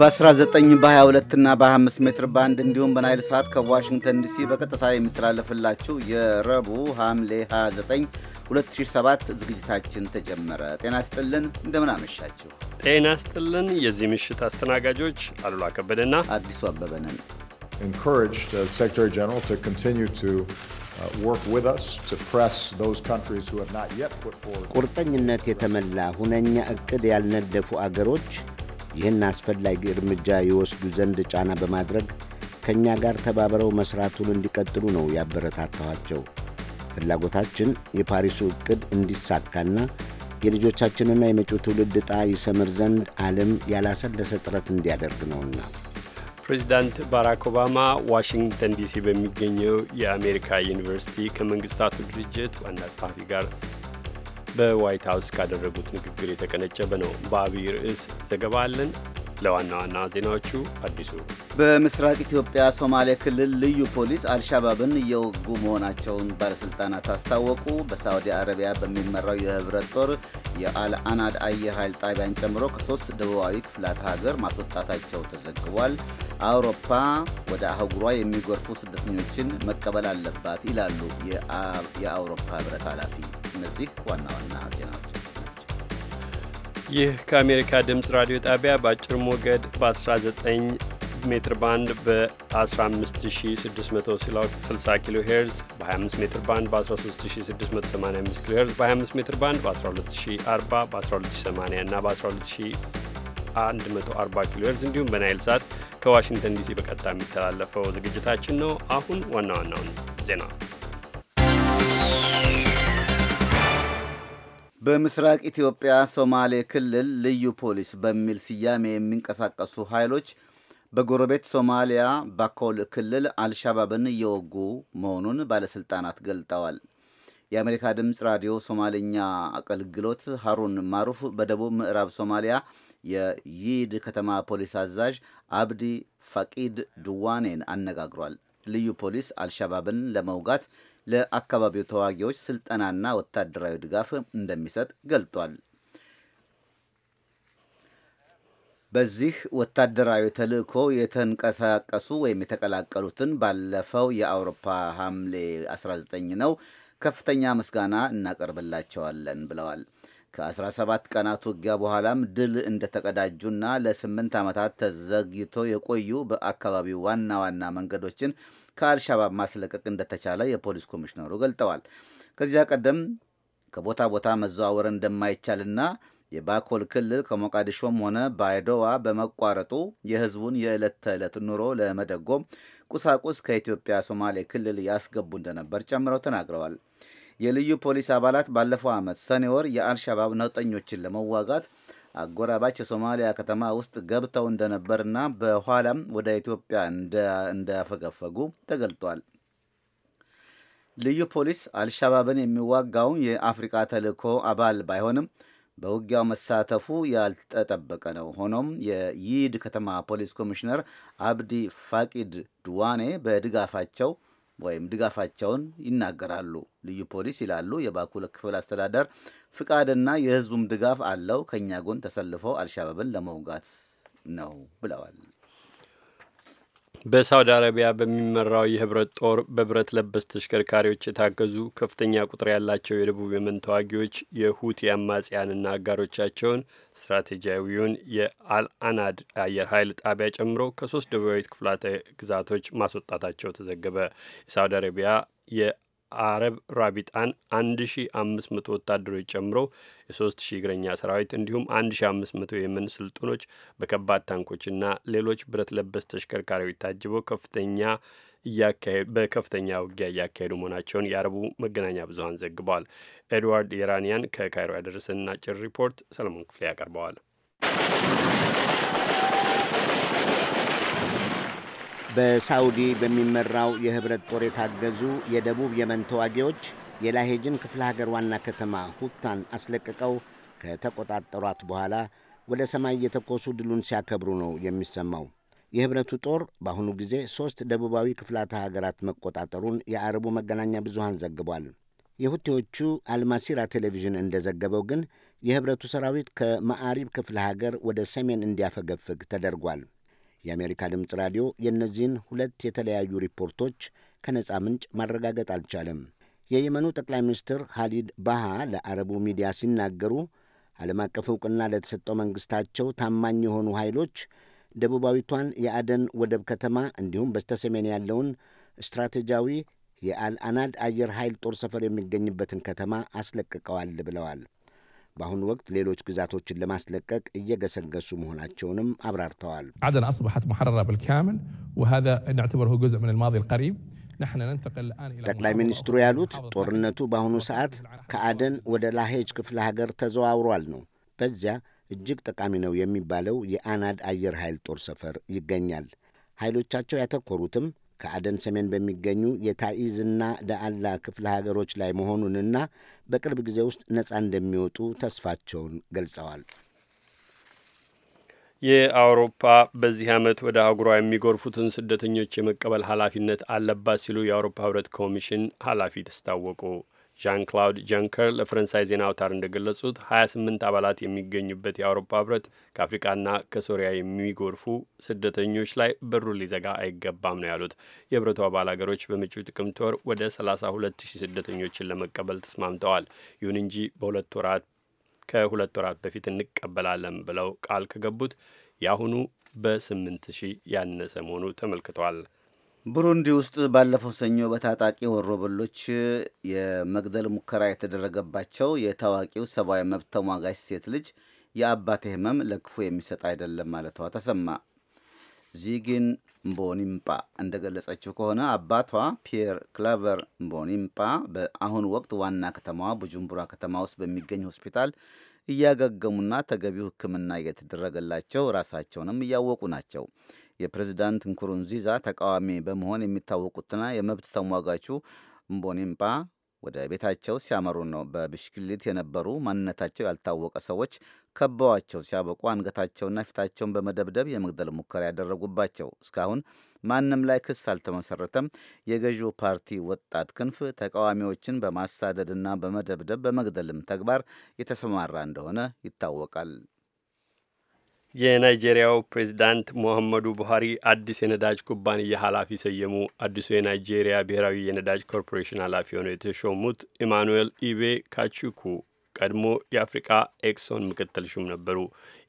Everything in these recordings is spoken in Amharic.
በ19 በ22 እና በ25 ሜትር ባንድ እንዲሁም በናይል ሰዓት ከዋሽንግተን ዲሲ በቀጥታ የሚተላለፍላችሁ የረቡዕ ሐምሌ 29 2007 ዝግጅታችን ተጀመረ። ጤና ስጥልን፣ እንደምን አመሻችሁ። ጤና ስጥልን። የዚህ ምሽት አስተናጋጆች አሉላ ከበደና አዲሱ አበበ ነን። uh, ቁርጠኝነት የተመላ ሁነኛ እቅድ ያልነደፉ አገሮች ይህን አስፈላጊ እርምጃ የወስዱ ዘንድ ጫና በማድረግ ከእኛ ጋር ተባብረው መሥራቱን እንዲቀጥሉ ነው ያበረታታኋቸው። ፍላጎታችን የፓሪሱ ዕቅድ እንዲሳካና የልጆቻችንና የመጪው ትውልድ ዕጣ ይሰምር ዘንድ ዓለም ያላሰለሰ ጥረት እንዲያደርግ ነውና። ፕሬዚዳንት ባራክ ኦባማ ዋሽንግተን ዲሲ በሚገኘው የአሜሪካ ዩኒቨርሲቲ ከመንግስታቱ ድርጅት ዋና ጸሐፊ ጋር በዋይት ሀውስ ካደረጉት ንግግር የተቀነጨበ ነው። በአብይ ርዕስ ዘገባ አለን። ለዋና ዋና ዜናዎቹ አዲሱ በምስራቅ ኢትዮጵያ ሶማሌ ክልል ልዩ ፖሊስ አልሻባብን እየወጉ መሆናቸውን ባለሥልጣናት አስታወቁ። በሳዑዲ አረቢያ በሚመራው የህብረት ጦር የአልአናድ አየር ኃይል ጣቢያን ጨምሮ ከሶስት ደቡባዊ ክፍላት ሀገር ማስወጣታቸው ተዘግቧል። አውሮፓ ወደ አህጉሯ የሚጎርፉ ስደተኞችን መቀበል አለባት ይላሉ የአውሮፓ ህብረት ኃላፊ። እነዚህ ዋና ዋና ዜናዎች ይህ ከአሜሪካ ድምፅ ራዲዮ ጣቢያ በአጭር ሞገድ በ19 ሜትር ባንድ በ15660 ኪሎ ሄርዝ በ25 ሜትር ባንድ በ13685 ኪሎ ሄርዝ በ25 ሜትር ባንድ በ12040 በ12080 እና በ12140 ኪሎ ሄርዝ እንዲሁም በናይል ሳት ከዋሽንግተን ዲሲ በቀጥታ የሚተላለፈው ዝግጅታችን ነው። አሁን ዋና ዋናውን ዜና በምስራቅ ኢትዮጵያ ሶማሌ ክልል ልዩ ፖሊስ በሚል ስያሜ የሚንቀሳቀሱ ኃይሎች በጎረቤት ሶማሊያ ባኮል ክልል አልሻባብን እየወጉ መሆኑን ባለሥልጣናት ገልጠዋል። የአሜሪካ ድምፅ ራዲዮ ሶማሌኛ አገልግሎት ሀሩን ማሩፍ በደቡብ ምዕራብ ሶማሊያ የይድ ከተማ ፖሊስ አዛዥ አብዲ ፋቂድ ድዋኔን አነጋግሯል። ልዩ ፖሊስ አልሻባብን ለመውጋት ለአካባቢው ተዋጊዎች ስልጠናና ወታደራዊ ድጋፍ እንደሚሰጥ ገልጧል። በዚህ ወታደራዊ ተልእኮ የተንቀሳቀሱ ወይም የተቀላቀሉትን ባለፈው የአውሮፓ ሐምሌ 19 ነው ከፍተኛ ምስጋና እናቀርብላቸዋለን ብለዋል። ከ17 ቀናት ውጊያ በኋላም ድል እንደተቀዳጁና ለስምንት ዓመታት ተዘግይቶ የቆዩ በአካባቢው ዋና ዋና መንገዶችን ከአልሻባብ ማስለቀቅ እንደተቻለ የፖሊስ ኮሚሽነሩ ገልጠዋል። ከዚያ ቀደም ከቦታ ቦታ መዘዋወር እንደማይቻልና የባኮል ክልል ከሞቃዲሾም ሆነ ባይዶዋ በመቋረጡ የሕዝቡን የዕለት ተዕለት ኑሮ ለመደጎም ቁሳቁስ ከኢትዮጵያ ሶማሌ ክልል ያስገቡ እንደነበር ጨምረው ተናግረዋል። የልዩ ፖሊስ አባላት ባለፈው ዓመት ሰኔ ወር የአልሻባብ ነውጠኞችን ለመዋጋት አጎራባች የሶማሊያ ከተማ ውስጥ ገብተው እንደነበርና በኋላም ወደ ኢትዮጵያ እንዳፈገፈጉ ተገልጧል። ልዩ ፖሊስ አልሻባብን የሚዋጋው የአፍሪቃ ተልእኮ አባል ባይሆንም በውጊያው መሳተፉ ያልተጠበቀ ነው። ሆኖም የይድ ከተማ ፖሊስ ኮሚሽነር አብዲ ፋቂድ ድዋኔ በድጋፋቸው ወይም ድጋፋቸውን ይናገራሉ። ልዩ ፖሊስ ይላሉ የባኩል ክፍል አስተዳደር ፍቃድና የህዝቡም ድጋፍ አለው። ከእኛ ጎን ተሰልፈው አልሻባብን ለመውጋት ነው ብለዋል። በሳውዲ አረቢያ በሚመራው የህብረት ጦር በብረት ለበስ ተሽከርካሪዎች የታገዙ ከፍተኛ ቁጥር ያላቸው የደቡብ የመን ተዋጊዎች የሁቲ አማጽያንና አጋሮቻቸውን ስትራቴጂያዊውን የአልአናድ አየር ኃይል ጣቢያ ጨምሮ ከሶስት ደቡባዊት ክፍላተ ግዛቶች ማስወጣታቸው ተዘገበ። የሳውዲ አረቢያ አረብ ራቢጣን 1500 ወታደሮች ጨምሮ የ3000 እግረኛ ሰራዊት እንዲሁም 1500 የመን ስልጡኖች በከባድ ታንኮችና ሌሎች ብረት ለበስ ተሽከርካሪዎች ታጅበው ከፍተኛ በከፍተኛ ውጊያ እያካሄዱ መሆናቸውን የአረቡ መገናኛ ብዙሀን ዘግበዋል። ኤድዋርድ የራኒያን ከካይሮ ያደረሰን አጭር ሪፖርት ሰለሞን ክፍሌ ያቀርበዋል። በሳውዲ በሚመራው የህብረት ጦር የታገዙ የደቡብ የመን ተዋጊዎች የላሄጅን ክፍለ ሀገር ዋና ከተማ ሁታን አስለቅቀው ከተቆጣጠሯት በኋላ ወደ ሰማይ እየተኮሱ ድሉን ሲያከብሩ ነው የሚሰማው። የህብረቱ ጦር በአሁኑ ጊዜ ሦስት ደቡባዊ ክፍላተ ሀገራት መቆጣጠሩን የአረቡ መገናኛ ብዙሃን ዘግቧል። የሁቴዎቹ አልማሲራ ቴሌቪዥን እንደዘገበው ግን የህብረቱ ሰራዊት ከማዕሪብ ክፍለ ሀገር ወደ ሰሜን እንዲያፈገፍግ ተደርጓል። የአሜሪካ ድምፅ ራዲዮ የእነዚህን ሁለት የተለያዩ ሪፖርቶች ከነፃ ምንጭ ማረጋገጥ አልቻለም። የየመኑ ጠቅላይ ሚኒስትር ሃሊድ ባሃ ለአረቡ ሚዲያ ሲናገሩ ዓለም አቀፍ ዕውቅና ለተሰጠው መንግሥታቸው ታማኝ የሆኑ ኃይሎች ደቡባዊቷን የአደን ወደብ ከተማ እንዲሁም በስተሰሜን ያለውን ስትራቴጂያዊ የአልአናድ አየር ኃይል ጦር ሰፈር የሚገኝበትን ከተማ አስለቅቀዋል ብለዋል። በአሁኑ ወቅት ሌሎች ግዛቶችን ለማስለቀቅ እየገሰገሱ መሆናቸውንም አብራርተዋል። አደን አስበሐት ሙሐረራ ብልካምል ወሃዛ ነዕትበርሁ ጁዝእ ምን ልማ ልቀሪብ ጠቅላይ ሚኒስትሩ ያሉት ጦርነቱ በአሁኑ ሰዓት ከአደን ወደ ላሄጅ ክፍለ ሀገር ተዘዋውሯል ነው። በዚያ እጅግ ጠቃሚ ነው የሚባለው የአናድ አየር ኃይል ጦር ሰፈር ይገኛል። ኃይሎቻቸው ያተኮሩትም ከአደን ሰሜን በሚገኙ የታኢዝና ደአላ ክፍለ ሀገሮች ላይ መሆኑንና በቅርብ ጊዜ ውስጥ ነፃ እንደሚወጡ ተስፋቸውን ገልጸዋል። የአውሮፓ በዚህ ዓመት ወደ አህጉሯ የሚጎርፉትን ስደተኞች የመቀበል ኃላፊነት አለባት ሲሉ የአውሮፓ ህብረት ኮሚሽን ኃላፊ አስታወቁ። ዣን ክላውድ ጀንከር ለፈረንሳይ ዜና አውታር እንደገለጹት 28 አባላት የሚገኙበት የአውሮፓ ህብረት ከአፍሪቃና ከሶሪያ የሚጎርፉ ስደተኞች ላይ በሩን ሊዘጋ አይገባም ነው ያሉት። የህብረቱ አባል ሀገሮች በመጪው ጥቅምት ወር ወደ 32000 ስደተኞችን ለመቀበል ተስማምተዋል። ይሁን እንጂ በሁለት ወራት ከሁለት ወራት በፊት እንቀበላለን ብለው ቃል ከገቡት የአሁኑ በ8000 ያነሰ መሆኑ ተመልክቷል። ቡሩንዲ ውስጥ ባለፈው ሰኞ በታጣቂ ወሮበሎች የመግደል ሙከራ የተደረገባቸው የታዋቂው ሰብአዊ መብት ተሟጋች ሴት ልጅ የአባቴ ህመም ለክፉ የሚሰጥ አይደለም ማለቷ ተሰማ። ዚጊን ምቦኒምጳ እንደገለጸችው ከሆነ አባቷ ፒየር ክላቨር ምቦኒምጳ በአሁን ወቅት ዋና ከተማዋ ቡጁምቡራ ከተማ ውስጥ በሚገኝ ሆስፒታል እያገገሙና ተገቢው ሕክምና እየተደረገላቸው ራሳቸውንም እያወቁ ናቸው። የፕሬዚዳንት ንኩሩንዚዛ ተቃዋሚ በመሆን የሚታወቁትና የመብት ተሟጋቹ ምቦኒምጳ ወደ ቤታቸው ሲያመሩ ነው በብሽክሌት የነበሩ ማንነታቸው ያልታወቀ ሰዎች ከበዋቸው ሲያበቁ አንገታቸውና ፊታቸውን በመደብደብ የመግደል ሙከራ ያደረጉባቸው። እስካሁን ማንም ላይ ክስ አልተመሰረተም። የገዢው ፓርቲ ወጣት ክንፍ ተቃዋሚዎችን በማሳደድና በመደብደብ በመግደልም ተግባር የተሰማራ እንደሆነ ይታወቃል። የናይጄሪያው ፕሬዚዳንት ሙሐመዱ ቡሃሪ አዲስ የነዳጅ ኩባንያ ኃላፊ ሰየሙ። አዲሱ የናይጄሪያ ብሔራዊ የነዳጅ ኮርፖሬሽን ኃላፊ ሆነው የተሾሙት ኢማኑኤል ኢቤ ካቹኩ ቀድሞ የአፍሪቃ ኤክሶን ምክትል ሹም ነበሩ።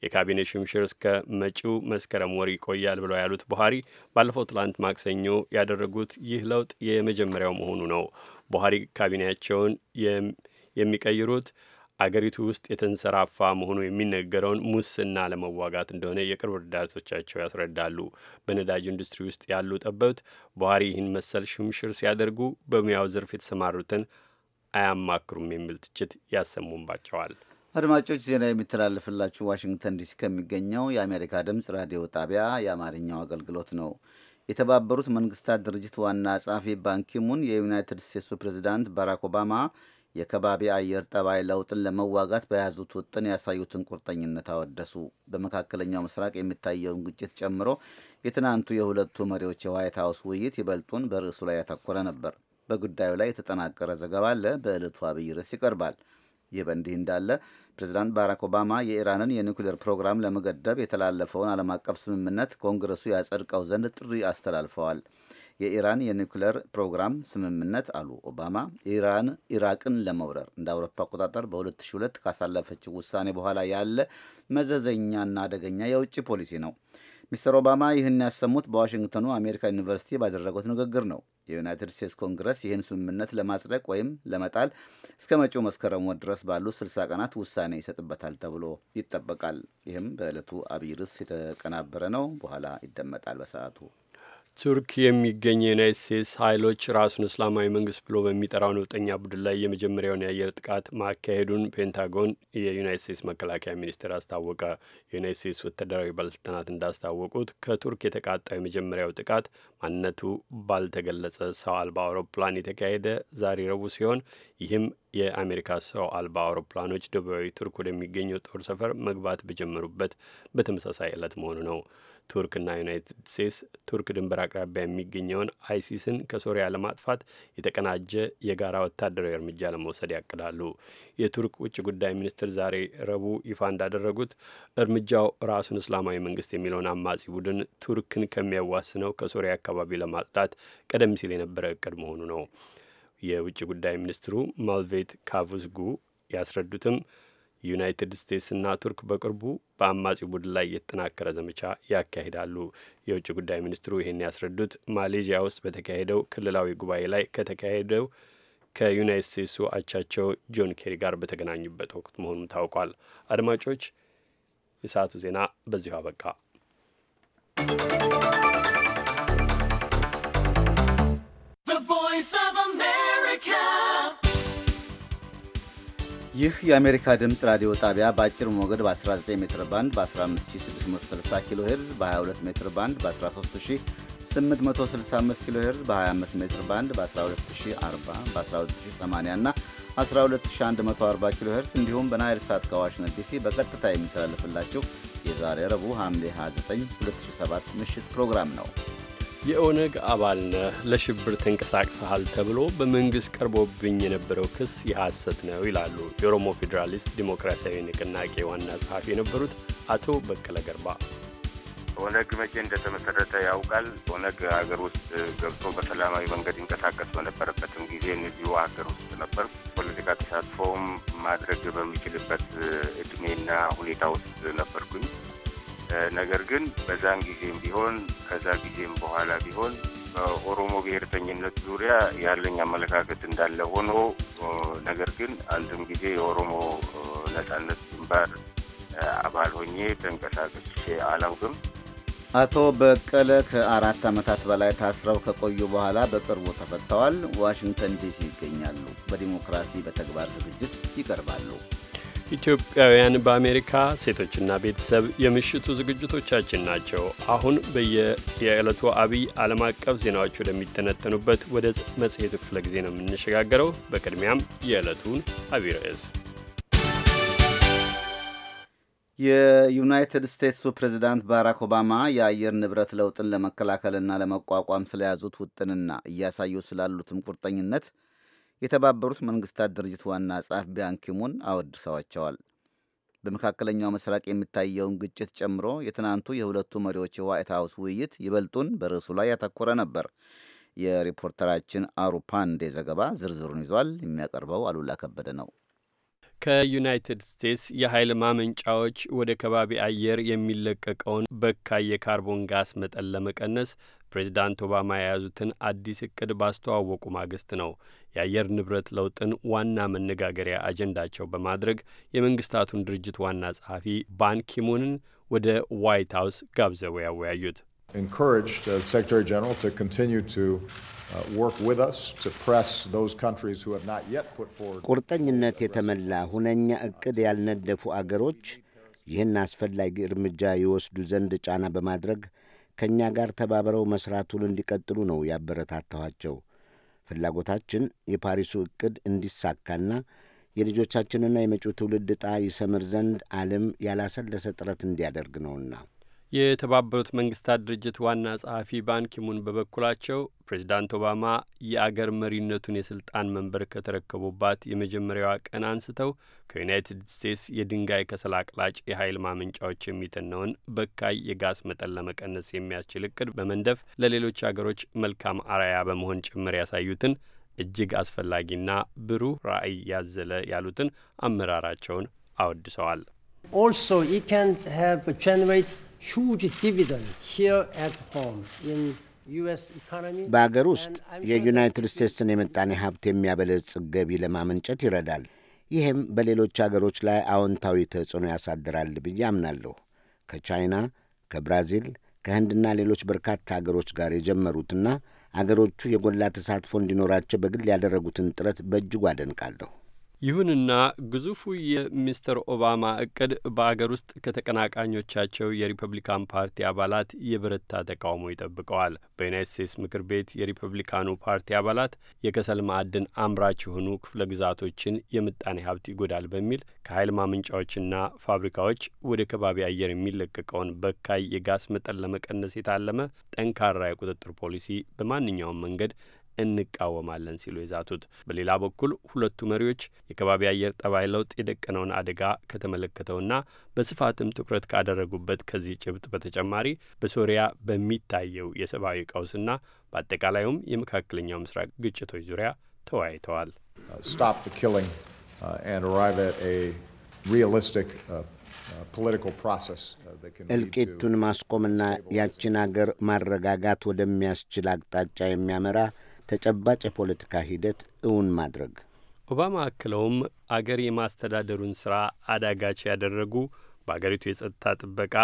የካቢኔ ሹምሽር እስከ መጪው መስከረም ወር ይቆያል ብለው ያሉት ቡሃሪ ባለፈው ትላንት ማክሰኞ ያደረጉት ይህ ለውጥ የመጀመሪያው መሆኑ ነው። ቡሃሪ ካቢኔያቸውን የሚቀይሩት አገሪቱ ውስጥ የተንሰራፋ መሆኑ የሚነገረውን ሙስና ለመዋጋት እንደሆነ የቅርብ ረዳቶቻቸው ያስረዳሉ። በነዳጅ ኢንዱስትሪ ውስጥ ያሉ ጠበብት ቡሀሪ ይህን መሰል ሽምሽር ሲያደርጉ በሙያው ዘርፍ የተሰማሩትን አያማክሩም የሚል ትችት ያሰሙባቸዋል። አድማጮች ዜና የሚተላለፍላችሁ ዋሽንግተን ዲሲ ከሚገኘው የአሜሪካ ድምፅ ራዲዮ ጣቢያ የአማርኛው አገልግሎት ነው። የተባበሩት መንግስታት ድርጅት ዋና ጸሐፊ ባንኪሙን የዩናይትድ ስቴትሱ ፕሬዚዳንት ባራክ ኦባማ የከባቢ አየር ጠባይ ለውጥን ለመዋጋት በያዙት ውጥን ያሳዩትን ቁርጠኝነት አወደሱ። በመካከለኛው ምስራቅ የሚታየውን ግጭት ጨምሮ የትናንቱ የሁለቱ መሪዎች የዋይት ሀውስ ውይይት ይበልጡን በርዕሱ ላይ ያተኮረ ነበር። በጉዳዩ ላይ የተጠናቀረ ዘገባ አለ፣ በዕለቱ አብይ ርዕስ ይቀርባል። ይህ በእንዲህ እንዳለ ፕሬዚዳንት ባራክ ኦባማ የኢራንን የኒውክሌር ፕሮግራም ለመገደብ የተላለፈውን ዓለም አቀፍ ስምምነት ኮንግረሱ ያጸድቀው ዘንድ ጥሪ አስተላልፈዋል። የኢራን የኒውክሌር ፕሮግራም ስምምነት አሉ ኦባማ ኢራን ኢራቅን ለመውረር እንደ አውሮፓ አቆጣጠር በ2002 ካሳለፈችው ውሳኔ በኋላ ያለ መዘዘኛና አደገኛ የውጭ ፖሊሲ ነው። ሚስተር ኦባማ ይህን ያሰሙት በዋሽንግተኑ አሜሪካ ዩኒቨርሲቲ ባደረጉት ንግግር ነው። የዩናይትድ ስቴትስ ኮንግረስ ይህን ስምምነት ለማጽደቅ ወይም ለመጣል እስከ መጪው መስከረም ወር ድረስ ባሉት 60 ቀናት ውሳኔ ይሰጥበታል ተብሎ ይጠበቃል። ይህም በዕለቱ አብይ ርዕስ የተቀናበረ ነው። በኋላ ይደመጣል በሰዓቱ ቱርክ የሚገኝ የዩናይት ስቴትስ ኃይሎች ራሱን እስላማዊ መንግስት ብሎ በሚጠራው ነውጠኛ ቡድን ላይ የመጀመሪያውን የአየር ጥቃት ማካሄዱን ፔንታጎን የዩናይት ስቴትስ መከላከያ ሚኒስቴር አስታወቀ። የዩናይት ስቴትስ ወታደራዊ ባለስልጣናት እንዳስታወቁት ከቱርክ የተቃጣው የመጀመሪያው ጥቃት ማንነቱ ባልተገለጸ ሰው አልባ አውሮፕላን የተካሄደ ዛሬ ረቡዕ ሲሆን ይህም የአሜሪካ ሰው አልባ አውሮፕላኖች ደቡባዊ ቱርክ ወደሚገኘው ጦር ሰፈር መግባት በጀመሩበት በተመሳሳይ ዕለት መሆኑ ነው። ቱርክና ዩናይትድ ስቴትስ ቱርክ ድንበር አቅራቢያ የሚገኘውን አይሲስን ከሶሪያ ለማጥፋት የተቀናጀ የጋራ ወታደራዊ እርምጃ ለመውሰድ ያቅዳሉ። የቱርክ ውጭ ጉዳይ ሚኒስትር ዛሬ ረቡዕ ይፋ እንዳደረጉት እርምጃው ራሱን እስላማዊ መንግስት የሚለውን አማጺ ቡድን ቱርክን ከሚያዋስነው ከሶሪያ አካባቢ ለማጽዳት ቀደም ሲል የነበረ እቅድ መሆኑ ነው። የውጭ ጉዳይ ሚኒስትሩ ማልቬት ካቭዝጉ ያስረዱትም ዩናይትድ ስቴትስና ቱርክ በቅርቡ በአማጺው ቡድን ላይ የተጠናከረ ዘመቻ ያካሂዳሉ። የውጭ ጉዳይ ሚኒስትሩ ይህን ያስረዱት ማሌዥያ ውስጥ በተካሄደው ክልላዊ ጉባኤ ላይ ከተካሄደው ከዩናይት ስቴትሱ አቻቸው ጆን ኬሪ ጋር በተገናኙበት ወቅት መሆኑም ታውቋል። አድማጮች፣ የሰዓቱ ዜና በዚሁ አበቃ። ይህ የአሜሪካ ድምፅ ራዲዮ ጣቢያ በአጭር ሞገድ በ19 ሜትር ባንድ በ15660 ኪሎ ሄርዝ በ22 ሜትር ባንድ በ13865 ኪሎ ሄርዝ በ25 ሜትር ባንድ በ12040 በ12080 እና 12140 ኪሎ ሄርዝ እንዲሁም በናይል ሳት ከዋሽንግተን ዲሲ በቀጥታ የሚተላለፍላችሁ የዛሬ ረቡዕ ሐምሌ 29 2007 ምሽት ፕሮግራም ነው። የኦነግ አባል ነህ ለሽብር ተንቀሳቅሰሃል ተብሎ በመንግሥት ቀርቦብኝ የነበረው ክስ የሐሰት ነው ይላሉ የኦሮሞ ፌዴራሊስት ዲሞክራሲያዊ ንቅናቄ ዋና ጸሐፊ የነበሩት አቶ በቀለ ገርባ። ኦነግ መቼ እንደተመሰረተ ያውቃል። ኦነግ ሀገር ውስጥ ገብቶ በሰላማዊ መንገድ ይንቀሳቀስ በነበረበትም ጊዜ እዚሁ ሀገር ውስጥ ነበር። ፖለቲካ ተሳትፎም ማድረግ በሚችልበት እድሜና ሁኔታ ውስጥ ነበርኩኝ። ነገር ግን በዛን ጊዜም ቢሆን ከዛ ጊዜም በኋላ ቢሆን በኦሮሞ ብሔርተኝነት ዙሪያ ያለኝ አመለካከት እንዳለ ሆኖ ነገር ግን አንድም ጊዜ የኦሮሞ ነጻነት ግንባር አባል ሆኜ ተንቀሳቅሼ አላውቅም። አቶ በቀለ ከአራት ዓመታት በላይ ታስረው ከቆዩ በኋላ በቅርቡ ተፈተዋል። ዋሽንግተን ዲሲ ይገኛሉ። በዲሞክራሲ በተግባር ዝግጅት ይቀርባሉ። ኢትዮጵያውያን በአሜሪካ ሴቶችና ቤተሰብ የምሽቱ ዝግጅቶቻችን ናቸው። አሁን በየዕለቱ አብይ ዓለም አቀፍ ዜናዎች ወደሚተነተኑበት ወደ መጽሔቱ ክፍለ ጊዜ ነው የምንሸጋገረው። በቅድሚያም የዕለቱን አብይ ርዕስ የዩናይትድ ስቴትሱ ፕሬዚዳንት ባራክ ኦባማ የአየር ንብረት ለውጥን ለመከላከልና ለመቋቋም ስለያዙት ውጥንና እያሳዩ ስላሉትም ቁርጠኝነት የተባበሩት መንግስታት ድርጅት ዋና ጸሐፊ ቢያንኪሙን አወድሰዋቸዋል። በመካከለኛው ምስራቅ የሚታየውን ግጭት ጨምሮ የትናንቱ የሁለቱ መሪዎች የዋይት ሀውስ ውይይት ይበልጡን በርዕሱ ላይ ያተኮረ ነበር። የሪፖርተራችን አሩፓንዴ ዘገባ ዝርዝሩን ይዟል። የሚያቀርበው አሉላ ከበደ ነው። ከዩናይትድ ስቴትስ የኃይል ማመንጫዎች ወደ ከባቢ አየር የሚለቀቀውን በካይ የካርቦን ጋስ መጠን ለመቀነስ ፕሬዚዳንት ኦባማ የያዙትን አዲስ እቅድ ባስተዋወቁ ማግስት ነው የአየር ንብረት ለውጥን ዋና መነጋገሪያ አጀንዳቸው በማድረግ የመንግስታቱን ድርጅት ዋና ጸሐፊ ባንኪሙንን ወደ ዋይት ሀውስ ጋብዘው ያወያዩት። uh, ቁርጠኝነት የተመላ ሁነኛ እቅድ ያልነደፉ አገሮች ይህን አስፈላጊ እርምጃ የወስዱ ዘንድ ጫና በማድረግ ከእኛ ጋር ተባብረው መስራቱን እንዲቀጥሉ ነው ያበረታታኋቸው። ፍላጎታችን የፓሪሱ ዕቅድ እንዲሳካና የልጆቻችንና የመጪው ትውልድ ዕጣ ይሰምር ዘንድ ዓለም ያላሰለሰ ጥረት እንዲያደርግ ነውና የተባበሩት መንግስታት ድርጅት ዋና ጸሐፊ ባንኪሙን በበኩላቸው ፕሬዚዳንት ኦባማ የአገር መሪነቱን የስልጣን መንበር ከተረከቡባት የመጀመሪያዋ ቀን አንስተው ከዩናይትድ ስቴትስ የድንጋይ ከሰል አቅላጭ የኃይል ማመንጫዎች የሚተነውን በካይ የጋስ መጠን ለመቀነስ የሚያስችል እቅድ በመንደፍ ለሌሎች አገሮች መልካም አርአያ በመሆን ጭምር ያሳዩትን እጅግ አስፈላጊና ብሩህ ራዕይ ያዘለ ያሉትን አመራራቸውን አወድሰዋል። Also, can have generate huge dividend here at home in በአገር ውስጥ የዩናይትድ ስቴትስን የምጣኔ ሀብት የሚያበለጽግ ገቢ ለማመንጨት ይረዳል። ይህም በሌሎች አገሮች ላይ አዎንታዊ ተጽዕኖ ያሳድራል ብዬ አምናለሁ። ከቻይና፣ ከብራዚል፣ ከህንድና ሌሎች በርካታ አገሮች ጋር የጀመሩትና አገሮቹ የጎላ ተሳትፎ እንዲኖራቸው በግል ያደረጉትን ጥረት በእጅጉ አደንቃለሁ። ይሁንና ግዙፉ የሚስተር ኦባማ እቅድ በአገር ውስጥ ከተቀናቃኞቻቸው የሪፐብሊካን ፓርቲ አባላት የብረታ ተቃውሞ ይጠብቀዋል። በዩናይት ስቴትስ ምክር ቤት የሪፐብሊካኑ ፓርቲ አባላት የከሰል ማዕድን አምራች የሆኑ ክፍለ ግዛቶችን የምጣኔ ሀብት ይጎዳል በሚል ከኃይል ማመንጫዎችና ፋብሪካዎች ወደ ከባቢ አየር የሚለቀቀውን በካይ የጋስ መጠን ለመቀነስ የታለመ ጠንካራ የቁጥጥር ፖሊሲ በማንኛውም መንገድ እንቃወማለን ሲሉ የዛቱት። በሌላ በኩል ሁለቱ መሪዎች የከባቢ አየር ጠባይ ለውጥ የደቀነውን አደጋ ከተመለከተውና በስፋትም ትኩረት ካደረጉበት ከዚህ ጭብጥ በተጨማሪ በሶሪያ በሚታየው የሰብአዊ ቀውስና በአጠቃላይም የመካከለኛው ምስራቅ ግጭቶች ዙሪያ ተወያይተዋል። uh, uh, uh, እልቂቱን ማስቆምና ያችን አገር ማረጋጋት ወደሚያስችል አቅጣጫ የሚያመራ ተጨባጭ የፖለቲካ ሂደት እውን ማድረግ። ኦባማ አክለውም አገር የማስተዳደሩን ስራ አዳጋች ያደረጉ በአገሪቱ የጸጥታ ጥበቃ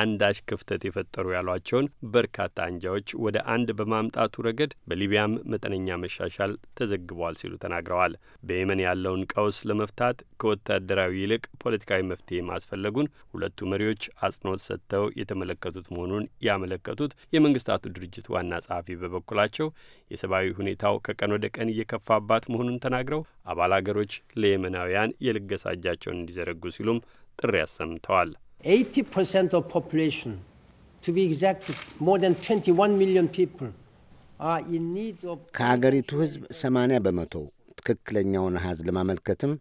አንዳች ክፍተት የፈጠሩ ያሏቸውን በርካታ አንጃዎች ወደ አንድ በማምጣቱ ረገድ በሊቢያም መጠነኛ መሻሻል ተዘግቧል ሲሉ ተናግረዋል። በየመን ያለውን ቀውስ ለመፍታት ከወታደራዊ ይልቅ ፖለቲካዊ መፍትሄ ማስፈለጉን ሁለቱ መሪዎች አጽንኦት ሰጥተው የተመለከቱት መሆኑን ያመለከቱት የመንግስታቱ ድርጅት ዋና ጸሐፊ በበኩላቸው የሰብአዊ ሁኔታው ከቀን ወደ ቀን እየከፋባት መሆኑን ተናግረው አባል አገሮች ለየመናውያን የልገሳ እጃቸውን እንዲዘረጉ ሲሉም ጥሪ አሰምተዋል። 80% of population, to be exact, more than 21 million people are in need of ከሀገሪቱ ሕዝብ 80 በመቶ ትክክለኛውን አሃዝ ለማመልከትም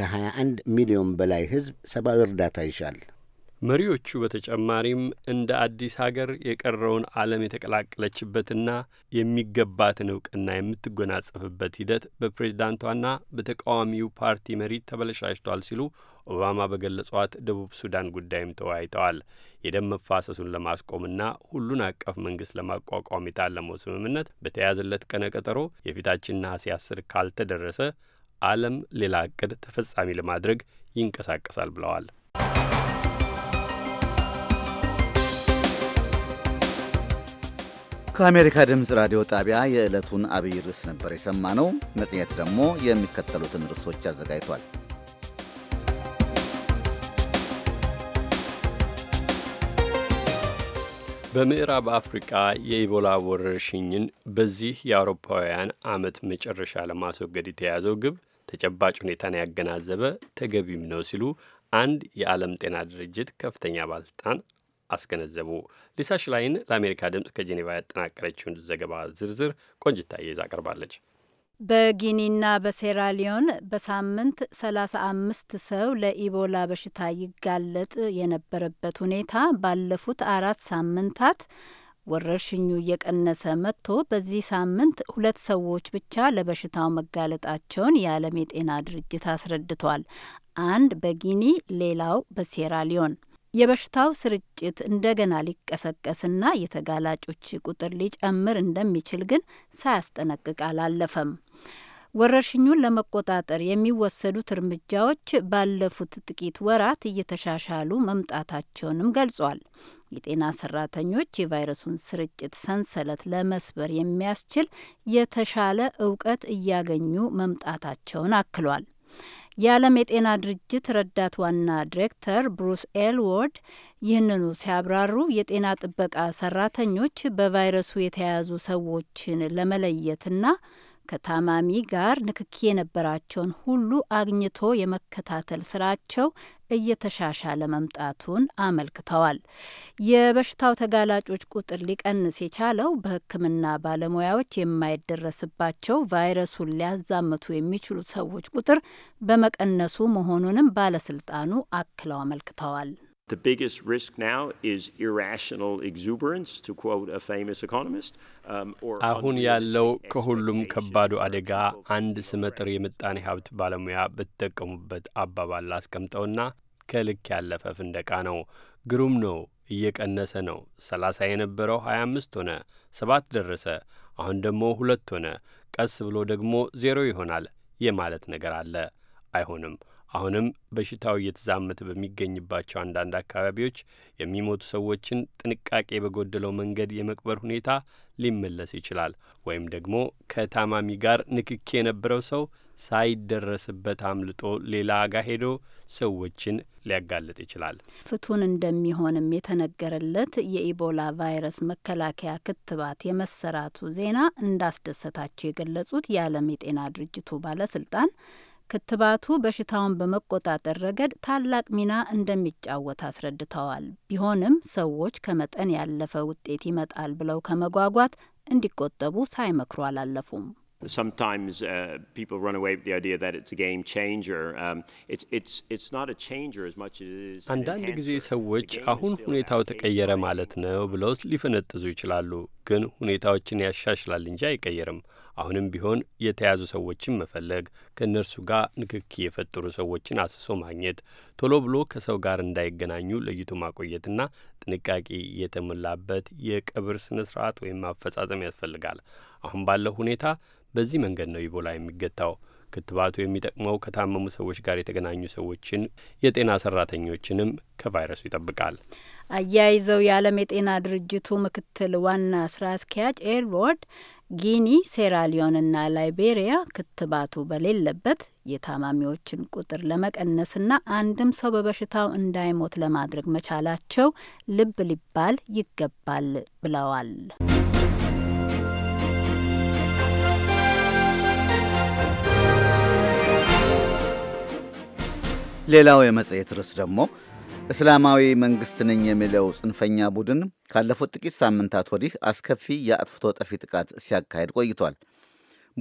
ከ21 ሚሊዮን በላይ ሕዝብ ሰብአዊ እርዳታ ይሻል። መሪዎቹ በተጨማሪም እንደ አዲስ ሀገር የቀረውን ዓለም የተቀላቀለችበትና የሚገባትን እውቅና የምትጎናጸፍበት ሂደት በፕሬዝዳንቷና በተቃዋሚው ፓርቲ መሪ ተበለሻሽቷል ሲሉ ኦባማ በገለጿት ደቡብ ሱዳን ጉዳይም ተወያይተዋል። የደም መፋሰሱን ለማስቆምና ሁሉን አቀፍ መንግስት ለማቋቋም የታለመው ስምምነት በተያዘለት ቀነ ቀጠሮ የፊታችን ነሐሴ አስር ካልተደረሰ ዓለም ሌላ እቅድ ተፈጻሚ ለማድረግ ይንቀሳቀሳል ብለዋል። ከአሜሪካ ድምፅ ራዲዮ ጣቢያ የዕለቱን አብይ ርዕስ ነበር ነው። መጽሔት ደግሞ የሚከተሉትን ርዕሶች አዘጋጅቷል። በምዕራብ አፍሪቃ የኢቦላ ወረርሽኝን በዚህ የአውሮፓውያን ዓመት መጨረሻ ለማስወገድ የተያዘው ግብ ተጨባጭ ሁኔታን ያገናዘበ ተገቢም ነው ሲሉ አንድ የዓለም ጤና ድርጅት ከፍተኛ ባለስልጣን አስገነዘቡ። ሊሳ ሽላይን ለአሜሪካ ድምፅ ከጄኔቫ ያጠናቀረችውን ዘገባ ዝርዝር ቆንጅታ ይዛ አቀርባለች። በጊኒና በሴራሊዮን በሳምንት 35 ሰው ለኢቦላ በሽታ ይጋለጥ የነበረበት ሁኔታ ባለፉት አራት ሳምንታት ወረርሽኙ እየቀነሰ መጥቶ በዚህ ሳምንት ሁለት ሰዎች ብቻ ለበሽታው መጋለጣቸውን የዓለም የጤና ድርጅት አስረድቷል። አንድ በጊኒ ሌላው በሴራሊዮን የበሽታው ስርጭት እንደገና ሊቀሰቀስና የተጋላጮች ቁጥር ሊጨምር እንደሚችል ግን ሳያስጠነቅቅ አላለፈም። ወረርሽኙን ለመቆጣጠር የሚወሰዱት እርምጃዎች ባለፉት ጥቂት ወራት እየተሻሻሉ መምጣታቸውንም ገልጿል። የጤና ሰራተኞች የቫይረሱን ስርጭት ሰንሰለት ለመስበር የሚያስችል የተሻለ እውቀት እያገኙ መምጣታቸውን አክሏል። የዓለም የጤና ድርጅት ረዳት ዋና ዲሬክተር ብሩስ ኤልዎርድ ይህንኑ ሲያብራሩ የጤና ጥበቃ ሰራተኞች በቫይረሱ የተያያዙ ሰዎችን ለመለየትና ከታማሚ ጋር ንክኪ የነበራቸውን ሁሉ አግኝቶ የመከታተል ስራቸው እየተሻሻለ መምጣቱን አመልክተዋል። የበሽታው ተጋላጮች ቁጥር ሊቀንስ የቻለው በሕክምና ባለሙያዎች የማይደረስባቸው ቫይረሱን ሊያዛምቱ የሚችሉ ሰዎች ቁጥር በመቀነሱ መሆኑንም ባለስልጣኑ አክለው አመልክተዋል። The biggest risk now is irrational exuberance, to quote a famous economist. Um, አሁን ያለው ከሁሉም ከባዱ አደጋ አንድ ስመጥር የምጣኔ ሀብት ባለሙያ በተጠቀሙበት አባባል ላስቀምጠውና ከልክ ያለፈ ፍንደቃ ነው። ግሩም ነው። እየቀነሰ ነው። ሰላሳ የነበረው ሀያ አምስት ሆነ፣ ሰባት ደረሰ፣ አሁን ደግሞ ሁለት ሆነ፣ ቀስ ብሎ ደግሞ ዜሮ ይሆናል የማለት ነገር አለ። አይሆንም። አሁንም በሽታው እየተዛመተ በሚገኝባቸው አንዳንድ አካባቢዎች የሚሞቱ ሰዎችን ጥንቃቄ በጎደለው መንገድ የመቅበር ሁኔታ ሊመለስ ይችላል። ወይም ደግሞ ከታማሚ ጋር ንክኪ የነበረው ሰው ሳይደረስበት አምልጦ ሌላ አጋ ሄዶ ሰዎችን ሊያጋልጥ ይችላል። ፍቱን እንደሚሆንም የተነገረለት የኢቦላ ቫይረስ መከላከያ ክትባት የመሰራቱ ዜና እንዳስደሰታቸው የገለጹት የዓለም የጤና ድርጅቱ ባለስልጣን ክትባቱ በሽታውን በመቆጣጠር ረገድ ታላቅ ሚና እንደሚጫወት አስረድተዋል። ቢሆንም ሰዎች ከመጠን ያለፈ ውጤት ይመጣል ብለው ከመጓጓት እንዲቆጠቡ ሳይመክሩ አላለፉም። uh, um, አንዳንድ ጊዜ ሰዎች አሁን ሁኔታው ተቀየረ ማለት ነው ብለው ሊፈነጥዙ ይችላሉ። ግን ሁኔታዎችን ያሻሽላል እንጂ አይቀየርም አሁንም ቢሆን የተያዙ ሰዎችን መፈለግ፣ ከእነርሱ ጋር ንክኪ የፈጠሩ ሰዎችን አስሶ ማግኘት፣ ቶሎ ብሎ ከሰው ጋር እንዳይገናኙ ለይቶ ማቆየትና ጥንቃቄ የተሞላበት የቅብር ስነ ስርዓት ወይም አፈጻጸም ያስፈልጋል። አሁን ባለው ሁኔታ በዚህ መንገድ ነው ኢቦላ የሚገታው። ክትባቱ የሚጠቅመው ከታመሙ ሰዎች ጋር የተገናኙ ሰዎችን፣ የጤና ሰራተኞችንም ከቫይረሱ ይጠብቃል። አያይዘው የዓለም የጤና ድርጅቱ ምክትል ዋና ስራ አስኪያጅ ኤድዋርድ ጊኒ፣ ሴራሊዮንና ላይቤሪያ ክትባቱ በሌለበት የታማሚዎችን ቁጥር ለመቀነስና አንድም ሰው በበሽታው እንዳይሞት ለማድረግ መቻላቸው ልብ ሊባል ይገባል ብለዋል። ሌላው የመጽሔት ርዕስ ደግሞ እስላማዊ መንግስት ነኝ የሚለው ጽንፈኛ ቡድን ካለፉት ጥቂት ሳምንታት ወዲህ አስከፊ የአጥፍቶ ጠፊ ጥቃት ሲያካሄድ ቆይቷል።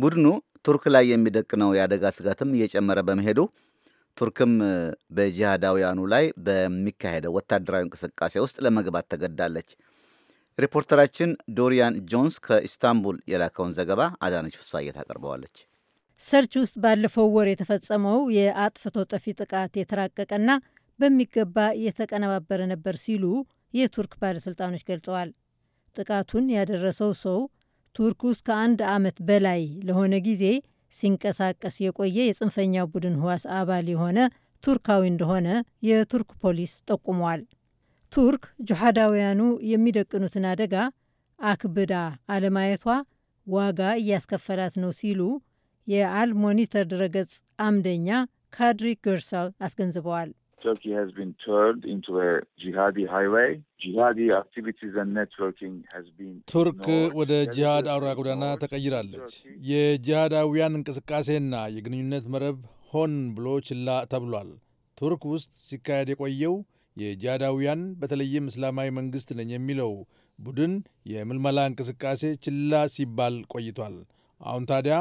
ቡድኑ ቱርክ ላይ የሚደቅነው የአደጋ ስጋትም እየጨመረ በመሄዱ ቱርክም በጂሃዳውያኑ ላይ በሚካሄደው ወታደራዊ እንቅስቃሴ ውስጥ ለመግባት ተገድዳለች። ሪፖርተራችን ዶሪያን ጆንስ ከኢስታንቡል የላከውን ዘገባ አዳነች ፍሳየት ታቀርበዋለች። ሰርች ውስጥ ባለፈው ወር የተፈጸመው የአጥፍቶ ጠፊ ጥቃት የተራቀቀና በሚገባ እየተቀነባበረ ነበር ሲሉ የቱርክ ባለሥልጣኖች ገልጸዋል። ጥቃቱን ያደረሰው ሰው ቱርክ ውስጥ ከአንድ ዓመት በላይ ለሆነ ጊዜ ሲንቀሳቀስ የቆየ የጽንፈኛ ቡድን ህዋስ አባል የሆነ ቱርካዊ እንደሆነ የቱርክ ፖሊስ ጠቁመዋል። ቱርክ ጁሃዳውያኑ የሚደቅኑትን አደጋ አክብዳ አለማየቷ ዋጋ እያስከፈላት ነው ሲሉ የአል ሞኒተር ድረገጽ አምደኛ ካድሪ ገርሳው አስገንዝበዋል። ቱርክ ወደ ጂሃድ አውራ ጎዳና ተቀይራለች። የጂሃዳውያን እንቅስቃሴና የግንኙነት መረብ ሆን ብሎ ችላ ተብሏል። ቱርክ ውስጥ ሲካሄድ የቆየው የጂሃዳውያን በተለይም እስላማዊ መንግሥት ነኝ የሚለው ቡድን የምልመላ እንቅስቃሴ ችላ ሲባል ቆይቷል። አሁን ታዲያ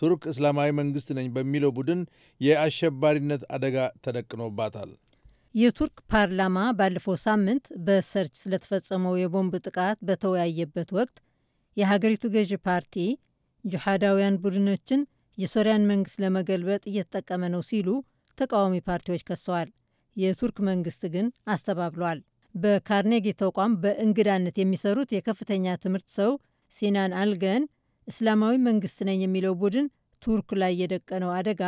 ቱርክ እስላማዊ መንግሥት ነኝ በሚለው ቡድን የአሸባሪነት አደጋ ተደቅኖባታል። የቱርክ ፓርላማ ባለፈው ሳምንት በሰርች ስለተፈጸመው የቦምብ ጥቃት በተወያየበት ወቅት የሀገሪቱ ገዢ ፓርቲ ጅሃዳውያን ቡድኖችን የሶሪያን መንግስት ለመገልበጥ እየተጠቀመ ነው ሲሉ ተቃዋሚ ፓርቲዎች ከሰዋል። የቱርክ መንግስት ግን አስተባብሏል። በካርኔጊ ተቋም በእንግዳነት የሚሰሩት የከፍተኛ ትምህርት ሰው ሲናን አልገን እስላማዊ መንግስት ነኝ የሚለው ቡድን ቱርክ ላይ የደቀነው አደጋ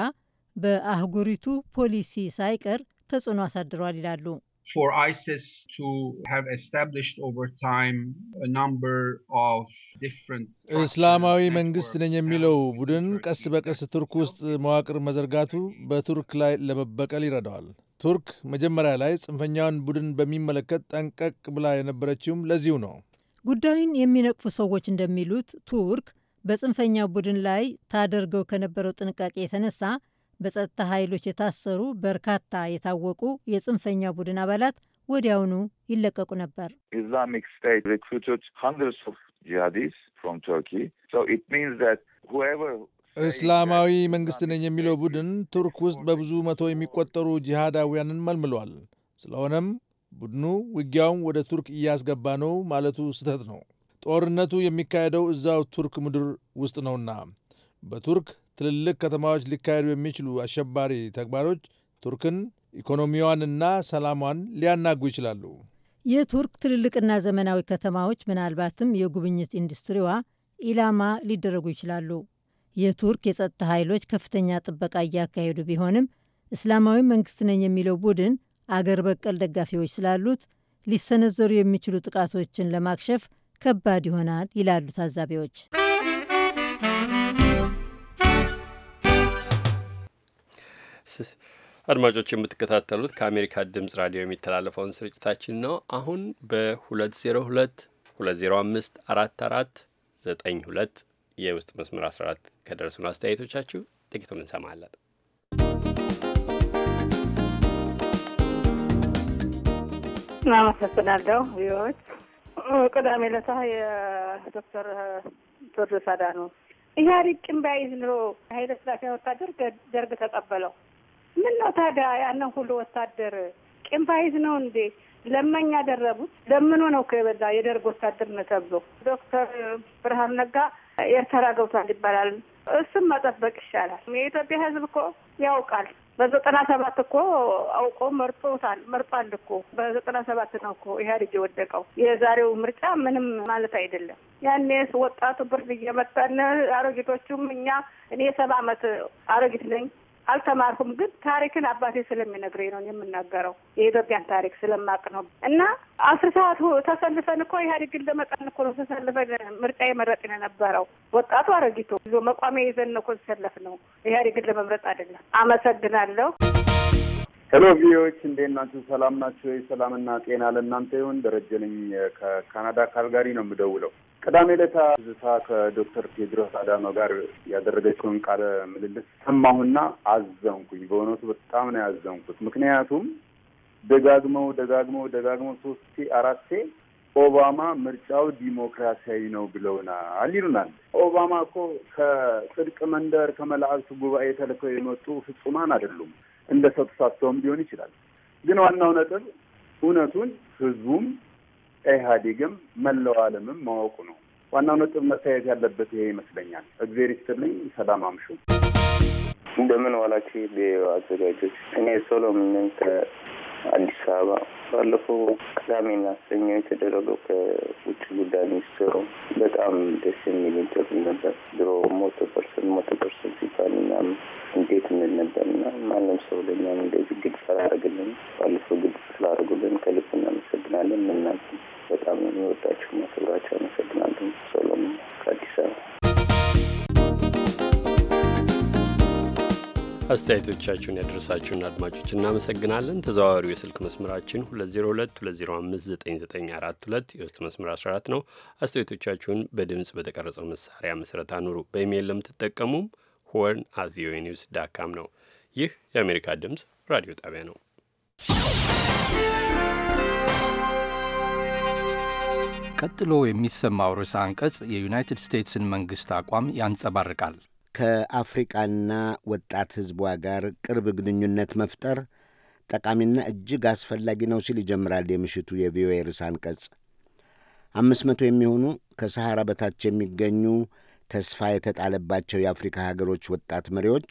በአህጉሪቱ ፖሊሲ ሳይቀር ተጽዕኖ አሳድሯል ይላሉ። እስላማዊ መንግስት ነኝ የሚለው ቡድን ቀስ በቀስ ቱርክ ውስጥ መዋቅር መዘርጋቱ በቱርክ ላይ ለመበቀል ይረዳዋል። ቱርክ መጀመሪያ ላይ ጽንፈኛውን ቡድን በሚመለከት ጠንቀቅ ብላ የነበረችውም ለዚሁ ነው። ጉዳዩን የሚነቅፉ ሰዎች እንደሚሉት ቱርክ በጽንፈኛው ቡድን ላይ ታደርገው ከነበረው ጥንቃቄ የተነሳ በጸጥታ ኃይሎች የታሰሩ በርካታ የታወቁ የጽንፈኛ ቡድን አባላት ወዲያውኑ ይለቀቁ ነበር። ኢስላሚክ ስቴት ሪክሩትድ ሀንድረድስ ኦፍ ጂሃዲስ ፍሮም ቱርኪ ሶ ኢት ሚንስ ዛት ሁኤቨር እስላማዊ መንግስት ነኝ የሚለው ቡድን ቱርክ ውስጥ በብዙ መቶ የሚቆጠሩ ጂሃዳውያንን መልምሏል። ስለሆነም ቡድኑ ውጊያውን ወደ ቱርክ እያስገባ ነው ማለቱ ስህተት ነው። ጦርነቱ የሚካሄደው እዛው ቱርክ ምድር ውስጥ ነውና በቱርክ ትልልቅ ከተማዎች ሊካሄዱ የሚችሉ አሸባሪ ተግባሮች ቱርክን ኢኮኖሚዋንና ሰላሟን ሊያናጉ ይችላሉ። የቱርክ ትልልቅና ዘመናዊ ከተማዎች ምናልባትም የጉብኝት ኢንዱስትሪዋ ኢላማ ሊደረጉ ይችላሉ። የቱርክ የጸጥታ ኃይሎች ከፍተኛ ጥበቃ እያካሄዱ ቢሆንም እስላማዊ መንግስት ነኝ የሚለው ቡድን አገር በቀል ደጋፊዎች ስላሉት ሊሰነዘሩ የሚችሉ ጥቃቶችን ለማክሸፍ ከባድ ይሆናል ይላሉ ታዛቢዎች። አድማጮች የምትከታተሉት ከአሜሪካ ድምጽ ራዲዮ የሚተላለፈውን ስርጭታችን ነው። አሁን በ202 205 44 92 የውስጥ መስመር 14 ከደረሱን አስተያየቶቻችሁ ጥቂቱን እንሰማለን። አመሰግናለሁ። ዎች ቅዳሜ ለታ የዶክተር ቴዎድሮስ አዳኖ ኢህአዴግ ቂም ቢይዝ ኑሮ ኃይለ ሥላሴ ወታደር ደርግ ተቀበለው ምን ነው ታዲያ ያንን ሁሉ ወታደር ቂም ባይዝ ነው እንዴ? ለመኝ ያደረጉት ለምኖ ነው እኮ የበላ የደርግ ወታደር ነው ተብሎ ዶክተር ብርሃኑ ነጋ ኤርትራ ገብቷል ይባላል። እሱም መጠበቅ ይሻላል። የኢትዮጵያ ሕዝብ እኮ ያውቃል። በዘጠና ሰባት እኮ አውቆ መርጦታል መርጧል እኮ በዘጠና ሰባት ነው እኮ ኢህአዴግ የወደቀው። የዛሬው ምርጫ ምንም ማለት አይደለም። ያኔ ወጣቱ ብርድ እየመጣን አሮጊቶቹም እኛ እኔ የሰባ አመት አሮጊት ነኝ አልተማርኩም፣ ግን ታሪክን አባቴ ስለሚነግረኝ ነው የምናገረው። የኢትዮጵያን ታሪክ ስለማቅ ነው። እና አስር ሰዓት ተሰልፈን እኮ ኢህአዴግን ለመጣን እኮ ነው ተሰልፈን ምርጫ የመረጥን የነበረው ወጣቱ አረጊቶ ይዞ መቋሚያ ይዘን ነው እኮ ተሰለፍ ነው ኢህአዴግን ለመምረጥ አይደለም። አመሰግናለሁ። ሄሎ ቪዎች እንዴት ናችሁ? ሰላም ናችሁ? ሰላምና ጤና ለእናንተ ይሁን። ደረጀ ነኝ ከካናዳ ካልጋሪ ነው የምደውለው። ቅዳሜ ለታ ትዝታ ከዶክተር ቴድሮስ አዳኖ ጋር ያደረገችውን ቃለ ምልልስ ሰማሁና አዘንኩኝ። በእውነቱ በጣም ነው ያዘንኩት። ምክንያቱም ደጋግመው ደጋግመው ደጋግመው ሶስቴ አራቴ ኦባማ ምርጫው ዲሞክራሲያዊ ነው ብለውናል ይሉናል። ኦባማ እኮ ከጽድቅ መንደር ከመላእክት ጉባኤ ተልከው የመጡ ፍጹማን አይደሉም። እንደ ሰው ተሳስተውም ሊሆን ይችላል። ግን ዋናው ነጥብ እውነቱን ህዝቡም ኢህአዴግም መላው ዓለምም ማወቁ ነው። ዋናው ነጥብ መታየት ያለበት ይሄ ይመስለኛል። እግዜር ይስጥልኝ። ሰላም አምሹ። እንደምን ዋላችሁ አዘጋጆች። እኔ ሶሎም ከ አዲስ አበባ ባለፈው ቅዳሜና ሰኞ የተደረገው ከውጭ ጉዳይ ሚኒስትሩ በጣም ደስ የሚል ኢንተርቪው ነበር። ድሮ ሞቶ ፐርሰንት ሞቶ ፐርሰንት ሲባል እኛም እንዴት እንል ነበር እና ማንም ሰው ለእኛም እንደዚህ ግልጽ ስላደረግልን ባለፈው ግልጽ ስላደረጉልን ከልብ እናመሰግናለን። ምናምን በጣም ነው የሚወዳቸው ማክብራቸው። አመሰግናለን። ሰሎሞን ከአዲስ አበባ አስተያየቶቻችሁን ያደረሳችሁን አድማጮች እናመሰግናለን። ተዘዋዋሪው የስልክ መስመራችን 2022059942 የውስጥ መስመር 14 ነው። አስተያየቶቻችሁን በድምፅ በተቀረጸው መሳሪያ መሰረት አኑሩ። በኢሜይል ለምትጠቀሙም ሆርን አት ቪኦኤ ኒውስ ዳካም ነው። ይህ የአሜሪካ ድምፅ ራዲዮ ጣቢያ ነው። ቀጥሎ የሚሰማው ርዕሰ አንቀጽ የዩናይትድ ስቴትስን መንግስት አቋም ያንጸባርቃል። ከአፍሪቃና ወጣት ሕዝቧ ጋር ቅርብ ግንኙነት መፍጠር ጠቃሚና እጅግ አስፈላጊ ነው ሲል ይጀምራል የምሽቱ የቪኦኤ ርሳን አንቀጽ። አምስት መቶ የሚሆኑ ከሰሐራ በታች የሚገኙ ተስፋ የተጣለባቸው የአፍሪካ ሀገሮች ወጣት መሪዎች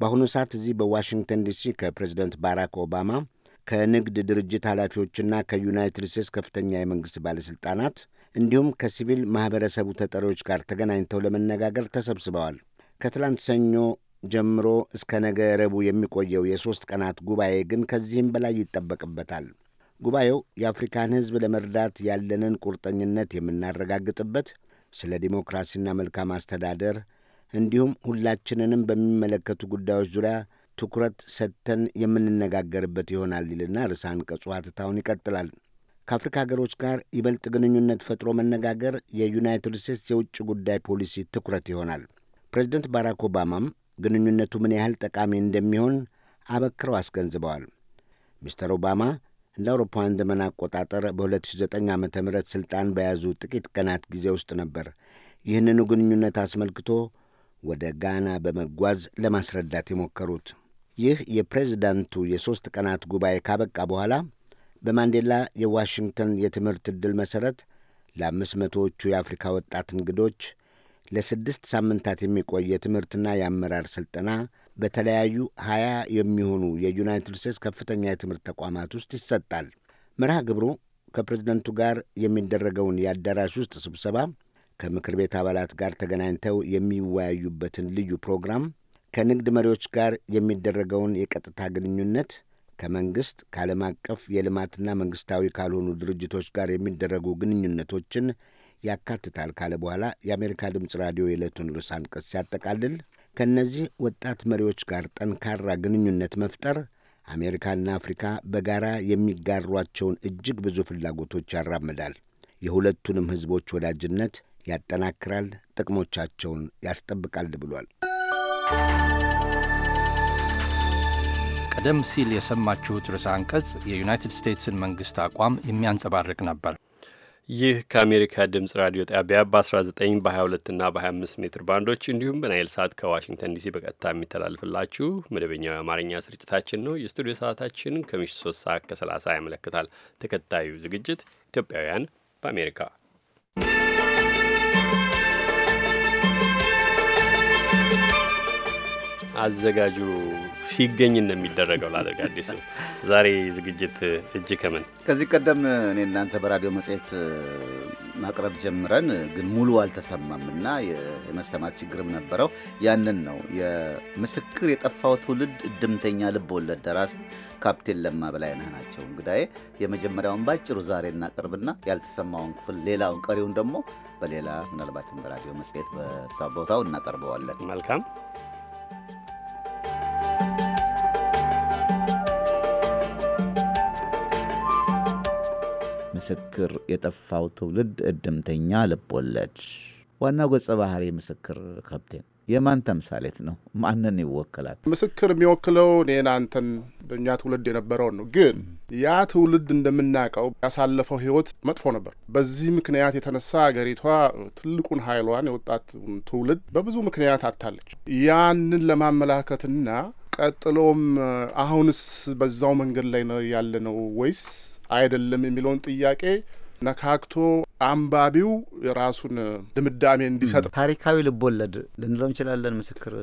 በአሁኑ ሰዓት እዚህ በዋሽንግተን ዲሲ ከፕሬዚደንት ባራክ ኦባማ ከንግድ ድርጅት ኃላፊዎችና ከዩናይትድ ስቴትስ ከፍተኛ የመንግሥት ባለሥልጣናት እንዲሁም ከሲቪል ማኅበረሰቡ ተጠሪዎች ጋር ተገናኝተው ለመነጋገር ተሰብስበዋል። ከትላንት ሰኞ ጀምሮ እስከ ነገ ረቡዕ የሚቆየው የሦስት ቀናት ጉባኤ ግን ከዚህም በላይ ይጠበቅበታል። ጉባኤው የአፍሪካን ሕዝብ ለመርዳት ያለንን ቁርጠኝነት የምናረጋግጥበት፣ ስለ ዲሞክራሲና መልካም አስተዳደር እንዲሁም ሁላችንንም በሚመለከቱ ጉዳዮች ዙሪያ ትኩረት ሰጥተን የምንነጋገርበት ይሆናል ይልና ርዕሰ አንቀጹ ሐተታውን ይቀጥላል። ከአፍሪካ ሀገሮች ጋር ይበልጥ ግንኙነት ፈጥሮ መነጋገር የዩናይትድ ስቴትስ የውጭ ጉዳይ ፖሊሲ ትኩረት ይሆናል። ፕሬዚደንት ባራክ ኦባማም ግንኙነቱ ምን ያህል ጠቃሚ እንደሚሆን አበክረው አስገንዝበዋል። ሚስተር ኦባማ እንደ አውሮፓውያን ዘመን አቆጣጠር በ2009 ዓ ም ስልጣን በያዙ ጥቂት ቀናት ጊዜ ውስጥ ነበር ይህንኑ ግንኙነት አስመልክቶ ወደ ጋና በመጓዝ ለማስረዳት የሞከሩት። ይህ የፕሬዚዳንቱ የሦስት ቀናት ጉባኤ ካበቃ በኋላ በማንዴላ የዋሽንግተን የትምህርት ዕድል መሠረት ለአምስት መቶዎቹ የአፍሪካ ወጣት እንግዶች ለስድስት ሳምንታት የሚቆይ የትምህርትና የአመራር ሥልጠና በተለያዩ ሀያ የሚሆኑ የዩናይትድ ስቴትስ ከፍተኛ የትምህርት ተቋማት ውስጥ ይሰጣል። መርሃ ግብሩ ከፕሬዝደንቱ ጋር የሚደረገውን የአዳራሽ ውስጥ ስብሰባ፣ ከምክር ቤት አባላት ጋር ተገናኝተው የሚወያዩበትን ልዩ ፕሮግራም፣ ከንግድ መሪዎች ጋር የሚደረገውን የቀጥታ ግንኙነት፣ ከመንግሥት ከዓለም አቀፍ የልማትና መንግሥታዊ ካልሆኑ ድርጅቶች ጋር የሚደረጉ ግንኙነቶችን ያካትታል ካለ በኋላ የአሜሪካ ድምፅ ራዲዮ የዕለቱን ርዕሰ አንቀጽ ሲያጠቃልል ከእነዚህ ወጣት መሪዎች ጋር ጠንካራ ግንኙነት መፍጠር አሜሪካና አፍሪካ በጋራ የሚጋሯቸውን እጅግ ብዙ ፍላጎቶች ያራምዳል፣ የሁለቱንም ሕዝቦች ወዳጅነት ያጠናክራል፣ ጥቅሞቻቸውን ያስጠብቃል ብሏል። ቀደም ሲል የሰማችሁት ርዕሰ አንቀጽ የዩናይትድ ስቴትስን መንግሥት አቋም የሚያንጸባርቅ ነበር። ይህ ከአሜሪካ ድምጽ ራዲዮ ጣቢያ በ19 በ22 እና በ25 ሜትር ባንዶች እንዲሁም በናይል ሳት ከዋሽንግተን ዲሲ በቀጥታ የሚተላልፍላችሁ መደበኛው የአማርኛ ስርጭታችን ነው። የስቱዲዮ ሰዓታችን ከምሽት 3 ሰዓት ከ30 ያመለክታል። ተከታዩ ዝግጅት ኢትዮጵያውያን በአሜሪካ አዘጋጁ ሲገኝ ነው የሚደረገው። ላደርግ አዲሱ ዛሬ ዝግጅት እጅ ከምን ከዚህ ቀደም እኔ እናንተ በራዲዮ መጽሔት ማቅረብ ጀምረን ግን ሙሉ አልተሰማም እና የመሰማት ችግርም ነበረው። ያንን ነው የምስክር የጠፋው ትውልድ እድምተኛ ልብ ወለድ ደራሲ ካፕቴን ለማ በላይነህ ናቸው እንግዳዬ። የመጀመሪያውን ባጭሩ ዛሬ እናቀርብና ያልተሰማውን ክፍል ሌላውን፣ ቀሪውን ደግሞ በሌላ ምናልባትም በራዲዮ መጽሔት በሳ ቦታው እናቀርበዋለን። መልካም ምስክር የጠፋው ትውልድ እድምተኛ ልቦለድ ዋናው ገጸ ባህሪ ምስክር ከብቴን የማን ተምሳሌት ነው? ማንን ይወክላል? ምስክር የሚወክለው እኔን፣ አንተን በእኛ ትውልድ የነበረውን ነው። ግን ያ ትውልድ እንደምናውቀው ያሳለፈው ሕይወት መጥፎ ነበር። በዚህ ምክንያት የተነሳ አገሪቷ ትልቁን ኃይሏን የወጣት ትውልድ በብዙ ምክንያት አታለች። ያንን ለማመላከትና ቀጥሎም አሁንስ በዛው መንገድ ላይ ነው ያለ ነው ወይስ አይደለም የሚለውን ጥያቄ ነካክቶ አንባቢው የራሱን ድምዳሜ እንዲሰጥ ታሪካዊ ልቦለድ ልንለው እንችላለን። ምስክር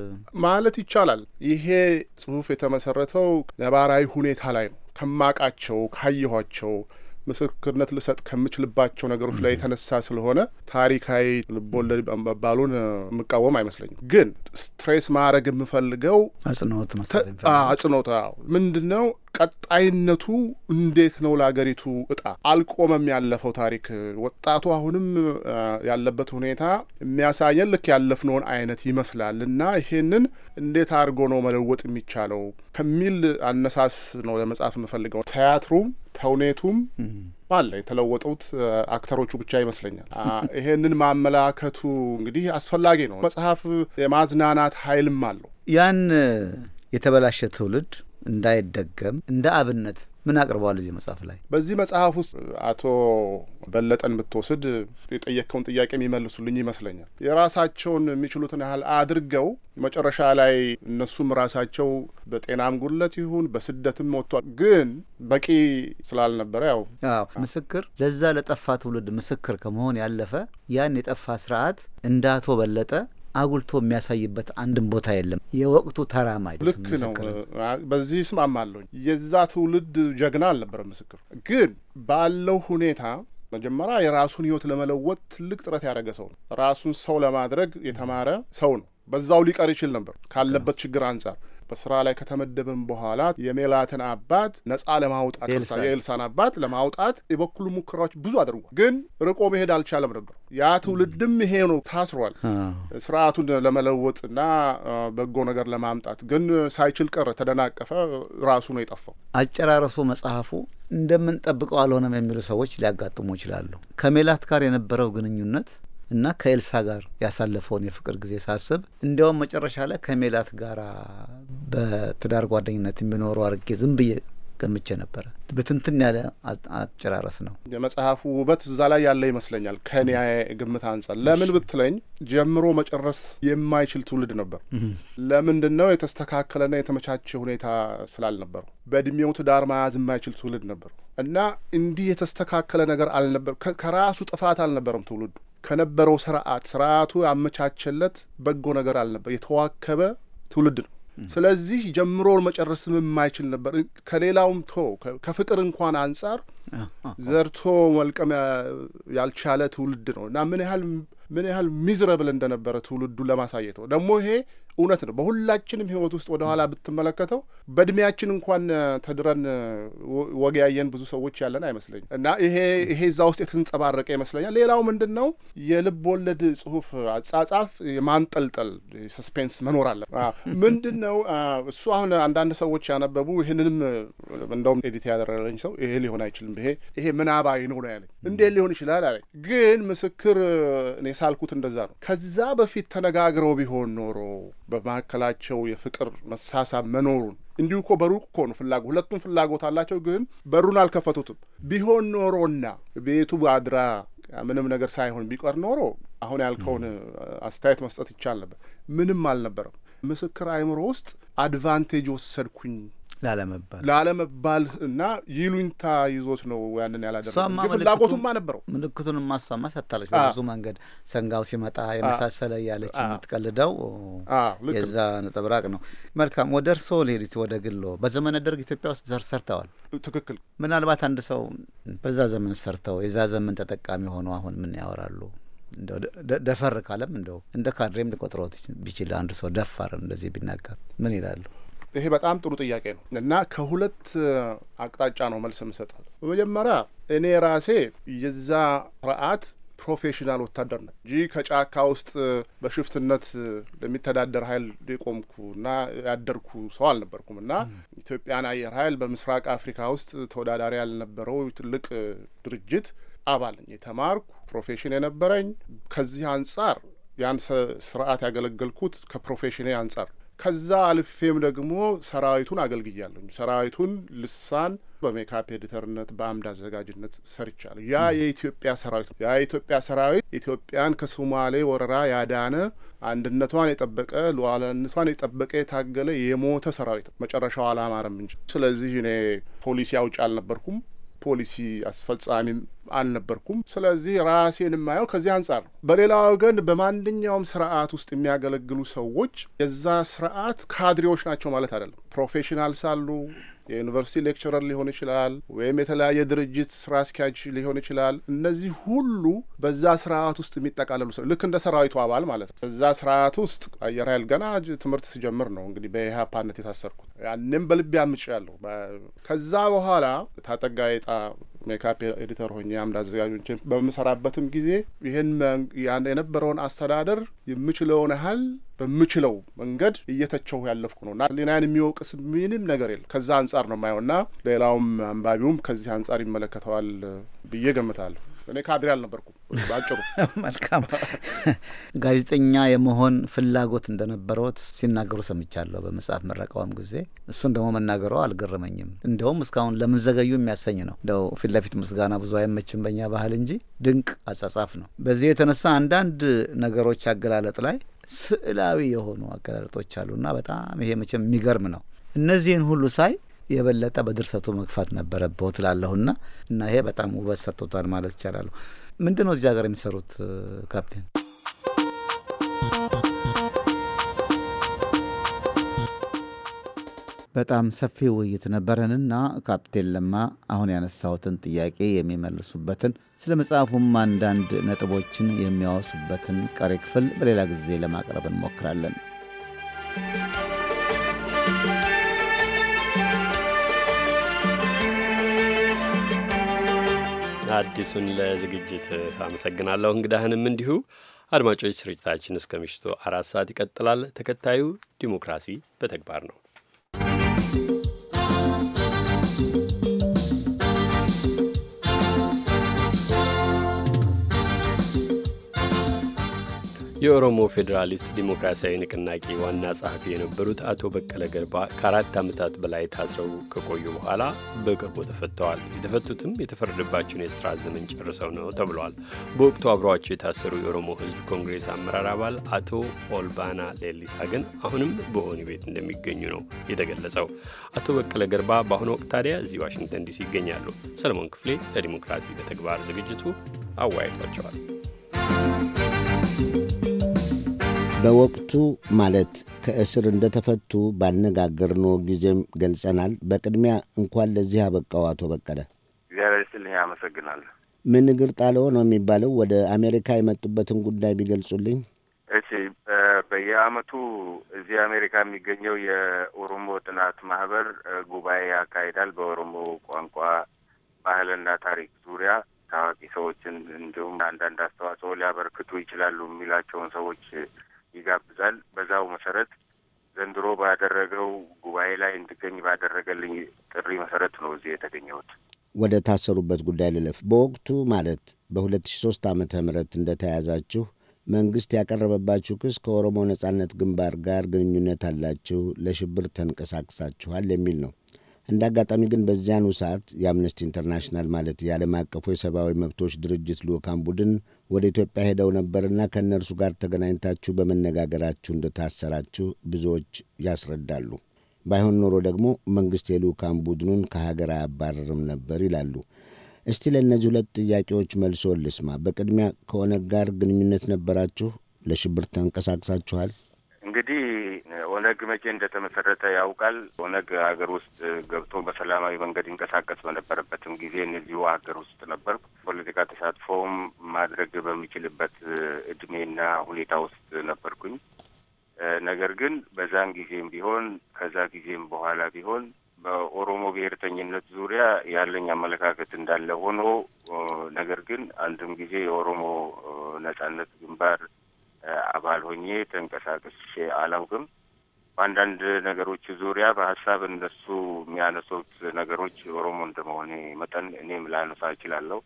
ማለት ይቻላል። ይሄ ጽሁፍ የተመሰረተው ነባራዊ ሁኔታ ላይ ነው። ከማቃቸው ካየኋቸው ምስክርነት ልሰጥ ከምችልባቸው ነገሮች ላይ የተነሳ ስለሆነ ታሪካዊ ልቦለድ መባሉን የምቃወም አይመስለኝም። ግን ስትሬስ ማድረግ የምፈልገው አጽንኦት ምንድን ነው ቀጣይነቱ እንዴት ነው? ለአገሪቱ እጣ አልቆመም። ያለፈው ታሪክ ወጣቱ አሁንም ያለበት ሁኔታ የሚያሳየን ልክ ያለፍነውን አይነት ይመስላል እና ይሄንን እንዴት አድርጎ ነው መለወጥ የሚቻለው ከሚል አነሳስ ነው ለመጽሐፍ የምፈልገው። ቲያትሩም ተውኔቱም አለ የተለወጡት አክተሮቹ ብቻ ይመስለኛል። ይሄንን ማመላከቱ እንግዲህ አስፈላጊ ነው። መጽሐፍ የማዝናናት ኃይልም አለው ያን የተበላሸ ትውልድ እንዳይደገም እንደ አብነት ምን አቅርበዋል እዚህ መጽሐፍ ላይ? በዚህ መጽሐፍ ውስጥ አቶ በለጠን ብትወስድ የጠየቅከውን ጥያቄ የሚመልሱልኝ ይመስለኛል። የራሳቸውን የሚችሉትን ያህል አድርገው መጨረሻ ላይ እነሱም ራሳቸው በጤናም ጉድለት ይሁን በስደትም ወጥቷል፣ ግን በቂ ስላልነበረ ያው ምስክር ለዛ ለጠፋ ትውልድ ምስክር ከመሆን ያለፈ ያን የጠፋ ስርዓት እንደ አቶ በለጠ አጉልቶ የሚያሳይበት አንድም ቦታ የለም። የወቅቱ ተራማጅ ልክ ነው። በዚህ እስማማለሁ። የዛ ትውልድ ጀግና አልነበረ ምስክር ግን ባለው ሁኔታ መጀመሪያ የራሱን ህይወት ለመለወጥ ትልቅ ጥረት ያደረገ ሰው ነው። ራሱን ሰው ለማድረግ የተማረ ሰው ነው። በዛው ሊቀር ይችል ነበር ካለበት ችግር አንጻር በስራ ላይ ከተመደብን በኋላ የሜላትን አባት ነጻ ለማውጣት የኤልሳን አባት ለማውጣት የበኩሉ ሙከራዎች ብዙ አድርጓል፣ ግን ርቆ መሄድ አልቻለም ነበር። ያ ትውልድም ይሄ ነው ታስሯል። ስርዓቱን ለመለወጥና በጎ ነገር ለማምጣት ግን ሳይችል ቀረ፣ ተደናቀፈ። ራሱ ነው የጠፋው። አጨራረሱ መጽሐፉ እንደምንጠብቀው አልሆነም የሚሉ ሰዎች ሊያጋጥሙ ይችላሉ። ከሜላት ጋር የነበረው ግንኙነት እና ከኤልሳ ጋር ያሳለፈውን የፍቅር ጊዜ ሳስብ እንዲያውም መጨረሻ ላይ ከሜላት ጋር በትዳር ጓደኝነት የሚኖሩ አድርጌ ዝም ብዬ ገምቼ ነበረ። ብትንትን ያለ አጨራረስ ነው። የመጽሐፉ ውበት እዛ ላይ ያለ ይመስለኛል። ከኔ ግምት አንጻር ለምን ብትለኝ ጀምሮ መጨረስ የማይችል ትውልድ ነበር። ለምንድን ነው? የተስተካከለና የተመቻቸ ሁኔታ ስላልነበረው በእድሜው ትዳር መያዝ የማይችል ትውልድ ነበር እና እንዲህ የተስተካከለ ነገር አልነበር። ከራሱ ጥፋት አልነበረም ትውልዱ ከነበረው ስርዓት ስርዓቱ ያመቻቸለት በጎ ነገር አልነበር። የተዋከበ ትውልድ ነው። ስለዚህ ጀምሮ መጨረስም የማይችል ነበር። ከሌላውም ቶ ከፍቅር እንኳን አንጻር ዘርቶ መልቀም ያልቻለ ትውልድ ነው እና ምን ያህል ምን ያህል ሚዝረብል እንደነበረ ትውልዱ ለማሳየት ነው። ደግሞ ይሄ እውነት ነው። በሁላችንም ህይወት ውስጥ ወደ ኋላ ብትመለከተው በእድሜያችን እንኳን ተድረን ወግ ያየን ብዙ ሰዎች ያለን አይመስለኝም። እና ይሄ ይሄ እዛ ውስጥ የተንጸባረቀ ይመስለኛል። ሌላው ምንድን ነው የልብ ወለድ ጽሁፍ አጻጻፍ የማንጠልጠል ሰስፔንስ መኖር አለ። ምንድን ነው እሱ አሁን አንዳንድ ሰዎች ያነበቡ ይህንንም እንደውም ኤዲት ያደረገልኝ ሰው ይሄ ሊሆን አይችልም፣ ይሄ ይሄ ምናባዊ ነው ያለኝ። እንዴት ሊሆን ይችላል አለኝ። ግን ምስክር ሳልኩት እንደዛ ነው። ከዛ በፊት ተነጋግረው ቢሆን ኖሮ በመካከላቸው የፍቅር መሳሳብ መኖሩን እንዲሁ እኮ በሩቅ እኮ ነው ፍላጎት፣ ሁለቱም ፍላጎት አላቸው፣ ግን በሩን አልከፈቱትም። ቢሆን ኖሮና ቤቱ አድራ ምንም ነገር ሳይሆን ቢቀር ኖሮ አሁን ያልከውን አስተያየት መስጠት ይቻል ነበር። ምንም አልነበረም። ምስክር አእምሮ ውስጥ አድቫንቴጅ ወሰድኩኝ ላለመባል ላለመባል እና ይሉኝታ ይዞት ነው ያንን ያላደረገ ፍላጎቱማ ነበረው። ምልክቱን ማሷማ ሰጥታለች በብዙ መንገድ ሰንጋው ሲመጣ የመሳሰለ እያለች የምትቀልደው የዛ ነጠብራቅ ነው። መልካም ወደ እርስዎ ልሄድ። ወደ ግሎ በዘመነ ደርግ ኢትዮጵያ ውስጥ ዘር ሰርተዋል። ትክክል። ምናልባት አንድ ሰው በዛ ዘመን ሰርተው የዛ ዘመን ተጠቃሚ ሆኖ አሁን ምን ያወራሉ? ደፈር ካለም እንደው እንደ ካድሬም ሊቆጥሮት ቢችል አንድ ሰው ደፋር እንደዚህ ቢናገር ምን ይላሉ? ይሄ በጣም ጥሩ ጥያቄ ነው እና ከሁለት አቅጣጫ ነው መልስ የምሰጠው። በመጀመሪያ እኔ ራሴ የዛ ስርዓት ፕሮፌሽናል ወታደር ነው እንጂ ከጫካ ውስጥ በሽፍትነት ለሚተዳደር ኃይል የቆምኩ እና ያደርኩ ሰው አልነበርኩም እና ኢትዮጵያን አየር ኃይል በምስራቅ አፍሪካ ውስጥ ተወዳዳሪ ያልነበረው ትልቅ ድርጅት አባል ነኝ። የተማርኩ ፕሮፌሽን የነበረኝ ከዚህ አንጻር ያን ስርዓት ያገለገልኩት ከፕሮፌሽኔ አንጻር ከዛ አልፌም ደግሞ ሰራዊቱን አገልግያለሁ። ሰራዊቱን ልሳን በሜካፕ ኤዲተርነት በአምድ አዘጋጅነት ሰርቻለሁ። ያ የኢትዮጵያ ሰራዊት ያ የኢትዮጵያ ሰራዊት ኢትዮጵያን ከሶማሌ ወረራ ያዳነ አንድነቷን የጠበቀ ሉዓላዊነቷን የጠበቀ የታገለ የሞተ ሰራዊት መጨረሻው አላማረም እንጂ። ስለዚህ እኔ ፖሊሲ አውጭ አልነበርኩም። ፖሊሲ አስፈጻሚ አልነበርኩም። ስለዚህ ራሴን የማየው ከዚህ አንጻር ነው። በሌላ ወገን በማንኛውም ስርዓት ውስጥ የሚያገለግሉ ሰዎች የዛ ስርዓት ካድሬዎች ናቸው ማለት አይደለም። ፕሮፌሽናልስ አሉ፣ የዩኒቨርሲቲ ሌክቸረር ሊሆን ይችላል፣ ወይም የተለያየ ድርጅት ስራ አስኪያጅ ሊሆን ይችላል። እነዚህ ሁሉ በዛ ስርዓት ውስጥ የሚጠቃለሉ ልክ እንደ ሰራዊቱ አባል ማለት ነው። እዛ ስርዓት ውስጥ አየር ኃይል ገና ትምህርት ሲጀምር ነው እንግዲህ በኢህአፓነት የታሰርኩት። ያንም በልቤ አምጭ ያለሁ። ከዛ በኋላ ታጠጋ የጣ ሜካፕ ኤዲተር ሆኜ አምድ አዘጋጆችን በምሰራበትም ጊዜ ይህን ያን የነበረውን አስተዳደር የምችለውን ያህል በምችለው መንገድ እየተቸው ያለፍኩ ነው እና ሌናን የሚወቅስ ምንም ነገር የለም። ከዛ አንጻር ነው ማየው የማየውና ሌላውም አንባቢውም ከዚህ አንጻር ይመለከተዋል ብዬ ገምታለሁ። እኔ ካድሬ አልነበርኩ። በአጭሩ። መልካም ጋዜጠኛ የመሆን ፍላጎት እንደነበረዎት ሲናገሩ ሰምቻለሁ በመጽሐፍ መረቃውም ጊዜ። እሱን ደግሞ መናገሩ አልገረመኝም። እንደውም እስካሁን ለምን ዘገዩ የሚያሰኝ ነው። እንደው ፊት ለፊት ምስጋና ብዙ አይመችም በእኛ ባህል እንጂ ድንቅ አጻጻፍ ነው። በዚህ የተነሳ አንዳንድ ነገሮች አገላለጥ ላይ ስዕላዊ የሆኑ አገላለጦች አሉና በጣም ይሄ መቼም የሚገርም ነው። እነዚህን ሁሉ ሳይ የበለጠ በድርሰቱ መግፋት ነበረበው ትላለሁና እና ይሄ በጣም ውበት ሰጥቶታል ማለት ይቻላሉ። ምንድን ነው እዚህ ሀገር የሚሰሩት ካፕቴን? በጣም ሰፊ ውይይት ነበረንና ካፕቴን ለማ አሁን ያነሳሁትን ጥያቄ የሚመልሱበትን ስለ መጽሐፉም አንዳንድ ነጥቦችን የሚያወሱበትን ቀሪ ክፍል በሌላ ጊዜ ለማቅረብ እንሞክራለን። አዲሱን ለዝግጅት አመሰግናለሁ። እንግዳህንም እንዲሁ። አድማጮች ስርጭታችን እስከ ምሽቱ አራት ሰዓት ይቀጥላል። ተከታዩ ዲሞክራሲ በተግባር ነው። የኦሮሞ ፌዴራሊስት ዲሞክራሲያዊ ንቅናቄ ዋና ጸሐፊ የነበሩት አቶ በቀለ ገርባ ከአራት ዓመታት በላይ ታስረው ከቆዩ በኋላ በቅርቡ ተፈተዋል። የተፈቱትም የተፈረደባቸውን የስራ ዘመን ጨርሰው ነው ተብሏል። በወቅቱ አብረዋቸው የታሰሩ የኦሮሞ ሕዝብ ኮንግሬስ አመራር አባል አቶ ኦልባና ሌሊሳ ግን አሁንም በሆኑ ቤት እንደሚገኙ ነው የተገለጸው። አቶ በቀለ ገርባ በአሁኑ ወቅት ታዲያ እዚህ ዋሽንግተን ዲሲ ይገኛሉ። ሰለሞን ክፍሌ ለዲሞክራሲ በተግባር ዝግጅቱ አወያይቷቸዋል። በወቅቱ ማለት ከእስር እንደተፈቱ ባነጋገርነው ጊዜም ገልጸናል። በቅድሚያ እንኳን ለዚህ አበቃው አቶ በቀለ እግዚአብሔር ይስጥልኝ። አመሰግናለሁ። ምን እግር ጣለው ነው የሚባለው? ወደ አሜሪካ የመጡበትን ጉዳይ ቢገልጹልኝ። እሺ፣ በየአመቱ እዚህ አሜሪካ የሚገኘው የኦሮሞ ጥናት ማህበር ጉባኤ ያካሂዳል። በኦሮሞ ቋንቋ ባህልና ታሪክ ዙሪያ ታዋቂ ሰዎችን እንዲሁም አንዳንድ አስተዋጽኦ ሊያበረክቱ ይችላሉ የሚላቸውን ሰዎች ይጋብዛል። በዛው መሰረት ዘንድሮ ባደረገው ጉባኤ ላይ እንድገኝ ባደረገልኝ ጥሪ መሰረት ነው እዚህ የተገኘሁት። ወደ ታሰሩበት ጉዳይ ልለፍ። በወቅቱ ማለት በ2003 ዓ ም እንደተያዛችሁ መንግስት ያቀረበባችሁ ክስ ከኦሮሞ ነጻነት ግንባር ጋር ግንኙነት አላችሁ፣ ለሽብር ተንቀሳቅሳችኋል የሚል ነው። እንደ አጋጣሚ ግን በዚያኑ ሰዓት የአምነስቲ ኢንተርናሽናል ማለት የዓለም አቀፉ የሰብአዊ መብቶች ድርጅት ልዑካን ቡድን ወደ ኢትዮጵያ ሄደው ነበርና ከእነርሱ ጋር ተገናኝታችሁ በመነጋገራችሁ እንደታሰራችሁ ብዙዎች ያስረዳሉ። ባይሆን ኖሮ ደግሞ መንግሥት የልዑካን ቡድኑን ከሀገር አያባረርም ነበር ይላሉ። እስቲ ለእነዚህ ሁለት ጥያቄዎች መልሶ ልስማ። በቅድሚያ ከኦነግ ጋር ግንኙነት ነበራችሁ? ለሽብር ተንቀሳቅሳችኋል? እንግዲህ ኦነግ መቼ እንደተመሰረተ ያውቃል። ኦነግ ሀገር ውስጥ ገብቶ በሰላማዊ መንገድ ይንቀሳቀስ በነበረበትም ጊዜ እነዚሁ ሀገር ውስጥ ነበር። ፖለቲካ ተሳትፎም ማድረግ በሚችልበት እድሜና ሁኔታ ውስጥ ነበርኩኝ። ነገር ግን በዛን ጊዜም ቢሆን ከዛ ጊዜም በኋላ ቢሆን በኦሮሞ ብሔርተኝነት ዙሪያ ያለኝ አመለካከት እንዳለ ሆኖ ነገር ግን አንድም ጊዜ የኦሮሞ ነጻነት ግንባር አባል ሆኜ ተንቀሳቅሼ አላውቅም። በአንዳንድ ነገሮች ዙሪያ በሀሳብ እነሱ የሚያነሱት ነገሮች ኦሮሞ እንደመሆኔ መጠን እኔም ላነሳ እችላለሁ።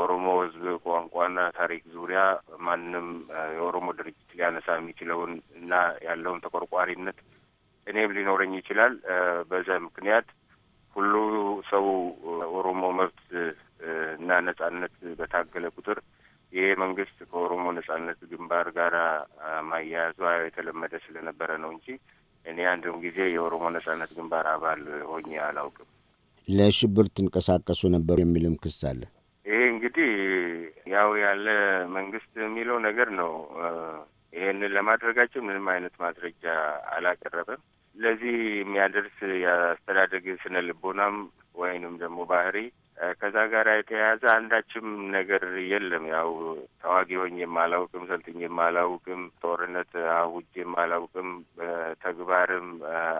ኦሮሞ ሕዝብ ቋንቋና ታሪክ ዙሪያ ማንም የኦሮሞ ድርጅት ሊያነሳ የሚችለውን እና ያለውን ተቆርቋሪነት እኔም ሊኖረኝ ይችላል። በዛ ምክንያት ሁሉ ሰው ኦሮሞ መብት እና ነጻነት በታገለ ቁጥር ይሄ መንግስት ከኦሮሞ ነጻነት ግንባር ጋር ማያያዟ የተለመደ ስለነበረ ነው እንጂ እኔ አንድም ጊዜ የኦሮሞ ነጻነት ግንባር አባል ሆኜ አላውቅም። ለሽብር ትንቀሳቀሱ ነበሩ የሚልም ክስ አለ። ይሄ እንግዲህ ያው ያለ መንግስት የሚለው ነገር ነው። ይህንን ለማድረጋቸው ምንም አይነት ማስረጃ አላቀረበም። ለዚህ የሚያደርስ የአስተዳደግ ስነ ልቦናም ወይንም ደግሞ ባህሪ ከዛ ጋር የተያያዘ አንዳችም ነገር የለም። ያው ተዋጊ ሆኜም አላውቅም፣ ሰልጥኜም አላውቅም፣ ጦርነት አውጄም አላውቅም፣ ተግባርም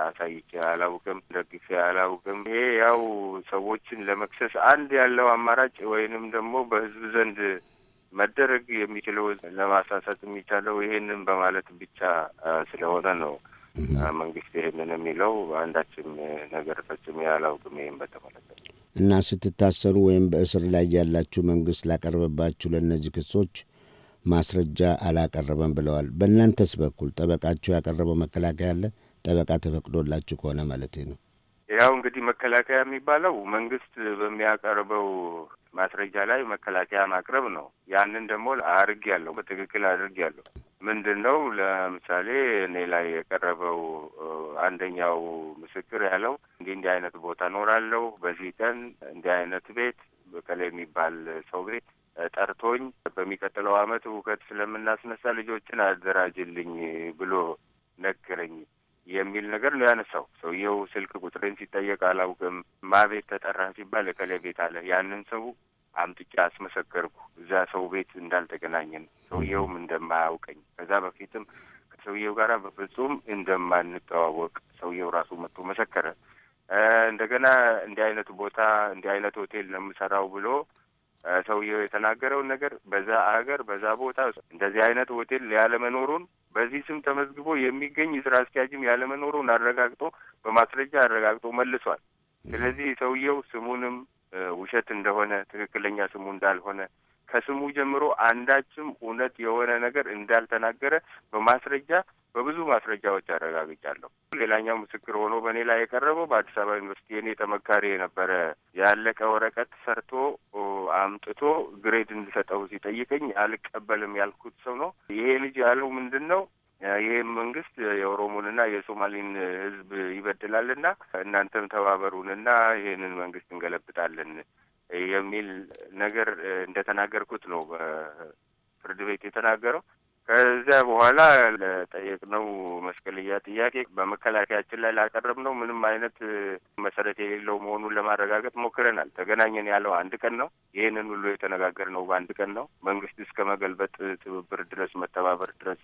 አሳይቼ አላውቅም፣ ደግፌ አላውቅም። ይሄ ያው ሰዎችን ለመክሰስ አንድ ያለው አማራጭ ወይንም ደግሞ በህዝብ ዘንድ መደረግ የሚችለው ለማሳሳት የሚቻለው ይሄንን በማለት ብቻ ስለሆነ ነው። መንግስት ይህንን የሚለው አንዳችም ነገር ፈጽሞ ያላውቅም። ይህም በተመለከተ እና ስትታሰሩ ወይም በእስር ላይ ያላችሁ መንግስት ላቀረበባችሁ ለእነዚህ ክሶች ማስረጃ አላቀረበም ብለዋል። በእናንተስ በኩል ጠበቃችሁ ያቀረበው መከላከያ አለ? ጠበቃ ተፈቅዶላችሁ ከሆነ ማለት ነው። ያው እንግዲህ መከላከያ የሚባለው መንግስት በሚያቀርበው ማስረጃ ላይ መከላከያ ማቅረብ ነው። ያንን ደግሞ አድርግ ያለው በትክክል አድርግ ያለው ምንድን ነው? ለምሳሌ እኔ ላይ የቀረበው አንደኛው ምስክር ያለው እንዲህ እንዲህ አይነት ቦታ እኖራለሁ፣ በዚህ ቀን እንዲህ አይነት ቤት በቀለ የሚባል ሰው ቤት ጠርቶኝ በሚቀጥለው አመት ሁከት ስለምናስነሳ ልጆችን አደራጅልኝ ብሎ ነገረኝ። የሚል ነገር ነው ያነሳው። ሰውየው ስልክ ቁጥሬን ሲጠየቅ አላውቅም። ማቤት ተጠራ ሲባል እከሌ ቤት አለ። ያንን ሰው አምጥቼ አስመሰከርኩ። እዛ ሰው ቤት እንዳልተገናኘን ሰውየውም እንደማያውቀኝ ከዛ በፊትም ከሰውየው ጋር በፍጹም እንደማንተዋወቅ ሰውየው ራሱ መጥቶ መሰከረ። እንደገና እንዲህ አይነት ቦታ እንዲህ አይነት ሆቴል ነው የምሰራው ብሎ ሰውየው የተናገረውን ነገር በዛ አገር በዛ ቦታ እንደዚህ አይነት ሆቴል ያለመኖሩን በዚህ ስም ተመዝግቦ የሚገኝ ስራ አስኪያጅም ያለመኖሩን አረጋግጦ በማስረጃ አረጋግጦ መልሷል። ስለዚህ ሰውየው ስሙንም ውሸት እንደሆነ ትክክለኛ ስሙ እንዳልሆነ ከስሙ ጀምሮ አንዳችም እውነት የሆነ ነገር እንዳልተናገረ በማስረጃ በብዙ ማስረጃዎች አረጋግጫለሁ። ሌላኛው ምስክር ሆኖ በእኔ ላይ የቀረበው በአዲስ አበባ ዩኒቨርሲቲ እኔ ተመካሪ የነበረ ያለቀ ወረቀት ሰርቶ አምጥቶ ግሬድ እንድሰጠው ሲጠይቀኝ አልቀበልም ያልኩት ሰው ነው። ይሄ ልጅ ያለው ምንድን ነው? ይህም መንግስት የኦሮሞንና የሶማሌን ህዝብ ይበድላልና እናንተም ተባበሩንና ይህንን መንግስት እንገለብጣለን የሚል ነገር እንደተናገርኩት ነው በፍርድ ቤት የተናገረው። ከዚያ በኋላ ለጠየቅነው መስቀልያ ጥያቄ በመከላከያችን ላይ ላቀረብነው ምንም አይነት መሰረት የሌለው መሆኑን ለማረጋገጥ ሞክረናል። ተገናኘን ያለው አንድ ቀን ነው። ይህንን ሁሉ የተነጋገርነው በአንድ ቀን ነው። መንግስት እስከ መገልበጥ ትብብር ድረስ መተባበር ድረስ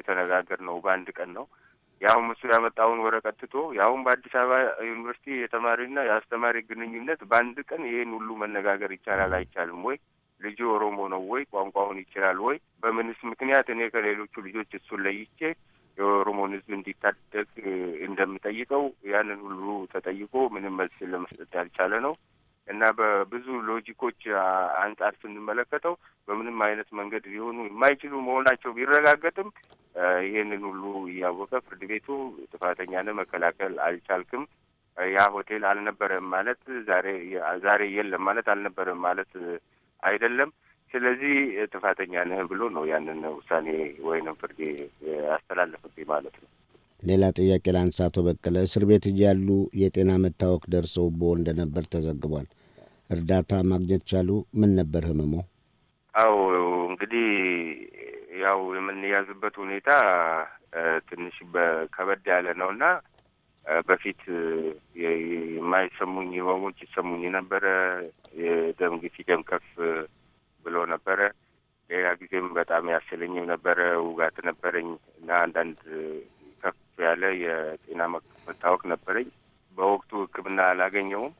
የተነጋገርነው በአንድ ቀን ነው። ያሁን እሱ ያመጣውን ወረቀት ትቶ ያሁን በአዲስ አበባ ዩኒቨርሲቲ የተማሪና የአስተማሪ ግንኙነት በአንድ ቀን ይህን ሁሉ መነጋገር ይቻላል አይቻልም ወይ? ልጅ ኦሮሞ ነው ወይ? ቋንቋውን ይችላል ወይ? በምንስ ምክንያት እኔ ከሌሎቹ ልጆች እሱን ለይቼ የኦሮሞን ህዝብ እንዲታደግ እንደምጠይቀው ያንን ሁሉ ተጠይቆ ምንም መልስ ለመስጠት ያልቻለ ነው እና በብዙ ሎጂኮች አንጻር ስንመለከተው በምንም አይነት መንገድ ሊሆኑ የማይችሉ መሆናቸው ቢረጋገጥም ይህንን ሁሉ እያወቀ ፍርድ ቤቱ ጥፋተኛን መከላከል አልቻልክም፣ ያ ሆቴል አልነበረም ማለት ዛሬ ዛሬ የለም ማለት አልነበረም ማለት አይደለም። ስለዚህ ጥፋተኛ ነህ ብሎ ነው ያንን ውሳኔ ወይንም ፍርድ ያስተላለፍብኝ ማለት ነው። ሌላ ጥያቄ ላንሳ። አቶ በቀለ እስር ቤት እያሉ የጤና መታወክ ቦ እንደነበር ተዘግቧል። እርዳታ ማግኘት ቻሉ? ምን ነበር ህመሞ አው እንግዲህ ያው የምንያዝበት ሁኔታ ትንሽ ከበድ ያለ ነው እና በፊት የማይሰሙኝ ህመሞች ይሰሙኝ ነበረ። የደም ግፊት ደም ከፍ ብሎ ነበረ። ሌላ ጊዜም በጣም ያስለኝም ነበረ። ውጋት ነበረኝ እና አንዳንድ ከፍ ያለ የጤና መታወቅ ነበረኝ። በወቅቱ ሕክምና አላገኘውም።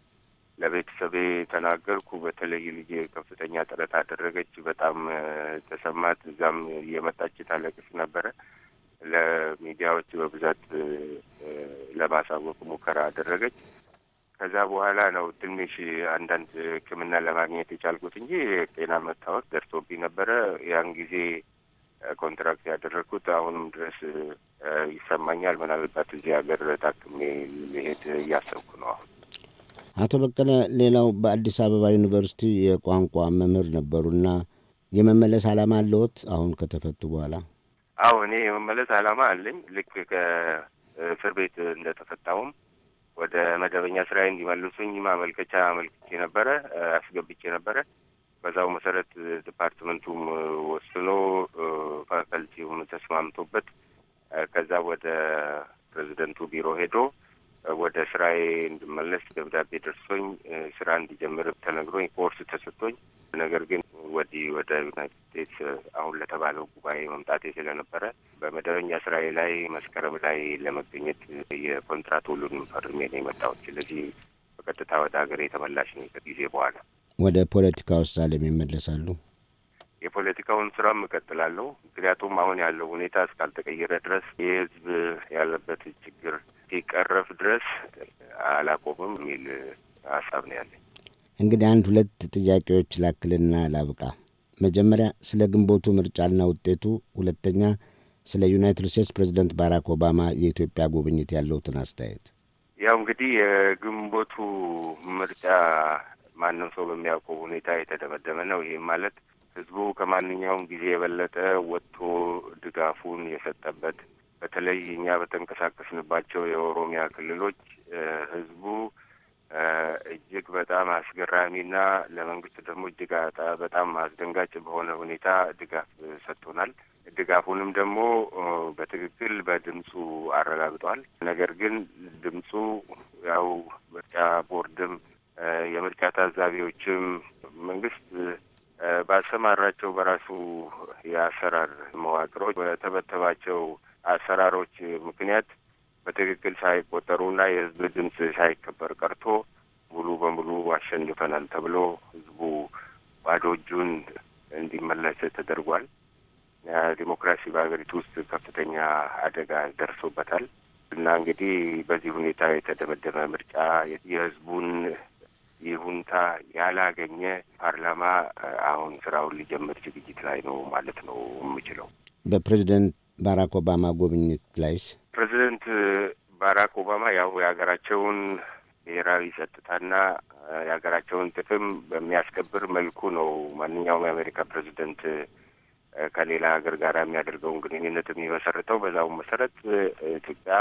ለቤተሰቤ ተናገርኩ። በተለይ ልጅ ከፍተኛ ጥረት አደረገች። በጣም ተሰማት። እዛም እየመጣች ታለቅስ ነበረ። ለሚዲያዎች በብዛት ለማሳወቅ ሙከራ አደረገች። ከዛ በኋላ ነው ትንሽ አንዳንድ ሕክምና ለማግኘት የቻልኩት እንጂ ጤና መታወቅ ደርሶብኝ ነበረ። ያን ጊዜ ኮንትራክት ያደረግኩት አሁንም ድረስ ይሰማኛል። ምናልባት እዚህ ሀገር ታክሜ መሄድ እያሰብኩ ነው አሁን። አቶ በቀለ ሌላው በአዲስ አበባ ዩኒቨርሲቲ የቋንቋ መምህር ነበሩና የመመለስ ዓላማ አለዎት አሁን ከተፈቱ በኋላ? አዎ እኔ የመመለስ አላማ አለኝ። ልክ ከእስር ቤት እንደተፈታውም ወደ መደበኛ ስራ እንዲመልሱኝ ማመልከቻ አመልክቼ ነበረ፣ አስገብቼ ነበረ። በዛው መሰረት ዲፓርትመንቱም ወስኖ ፋካልቲውም ተስማምቶበት ከዛ ወደ ፕሬዚደንቱ ቢሮ ሄዶ ወደ ስራዬ እንድመለስ ደብዳቤ ደርሶኝ ስራ እንዲጀምር ተነግሮኝ ኮርስ ተሰጥቶኝ ነገር ግን ወዲህ ወደ ዩናይትድ ስቴትስ አሁን ለተባለው ጉባኤ መምጣቴ ስለነበረ በመደበኛ ስራዬ ላይ መስከረም ላይ ለመገኘት የኮንትራት ሁሉን ፈርሜ ነው የመጣሁት። ስለዚህ በቀጥታ ወደ ሀገር የተመላሽ ነው ከጊዜ በኋላ። ወደ ፖለቲካ ውስጥ አለም ይመለሳሉ። የፖለቲካውን ስራም እቀጥላለሁ። ምክንያቱም አሁን ያለው ሁኔታ እስካልተቀየረ ድረስ የህዝብ ያለበት ችግር እስኪቀረፍ ድረስ አላቆምም የሚል ሀሳብ ነው ያለኝ። እንግዲህ አንድ ሁለት ጥያቄዎች ላክልና ላብቃ። መጀመሪያ ስለ ግንቦቱ ምርጫና ውጤቱ፣ ሁለተኛ ስለ ዩናይትድ ስቴትስ ፕሬዚደንት ባራክ ኦባማ የኢትዮጵያ ጉብኝት ያለውትን አስተያየት። ያው እንግዲህ የግንቦቱ ምርጫ ማንም ሰው በሚያውቀው ሁኔታ የተደመደመ ነው። ይህም ማለት ህዝቡ ከማንኛውም ጊዜ የበለጠ ወጥቶ ድጋፉን የሰጠበት በተለይ እኛ በተንቀሳቀስንባቸው የኦሮሚያ ክልሎች ህዝቡ እጅግ በጣም አስገራሚና ለመንግስት ደግሞ እጅግ በጣም አስደንጋጭ በሆነ ሁኔታ ድጋፍ ሰጥቶናል። ድጋፉንም ደግሞ በትክክል በድምፁ አረጋግጧል። ነገር ግን ድምፁ ያው ምርጫ ቦርድም የምርጫ ታዛቢዎችም መንግስት ባሰማራቸው በራሱ የአሰራር መዋቅሮች በተበተባቸው አሰራሮች ምክንያት በትክክል ሳይቆጠሩና የህዝብ ድምፅ ሳይከበር ቀርቶ ሙሉ በሙሉ አሸንፈናል ተብሎ ህዝቡ ባዶ እጁን እንዲመለስ ተደርጓል። ዲሞክራሲ በሀገሪቱ ውስጥ ከፍተኛ አደጋ ደርሶበታል እና እንግዲህ በዚህ ሁኔታ የተደመደመ ምርጫ የህዝቡን ይሁንታ ያላገኘ ፓርላማ አሁን ስራውን ሊጀምር ዝግጅት ላይ ነው ማለት ነው የምችለው። በፕሬዚደንት ባራክ ኦባማ ጉብኝት ላይስ ፕሬዚደንት ባራክ ኦባማ ያው የሀገራቸውን ብሔራዊ ጸጥታና የሀገራቸውን ጥቅም በሚያስከብር መልኩ ነው ማንኛውም የአሜሪካ ፕሬዚደንት ከሌላ ሀገር ጋር የሚያደርገውን ግንኙነት የሚመሰርተው። በዛው መሰረት ኢትዮጵያ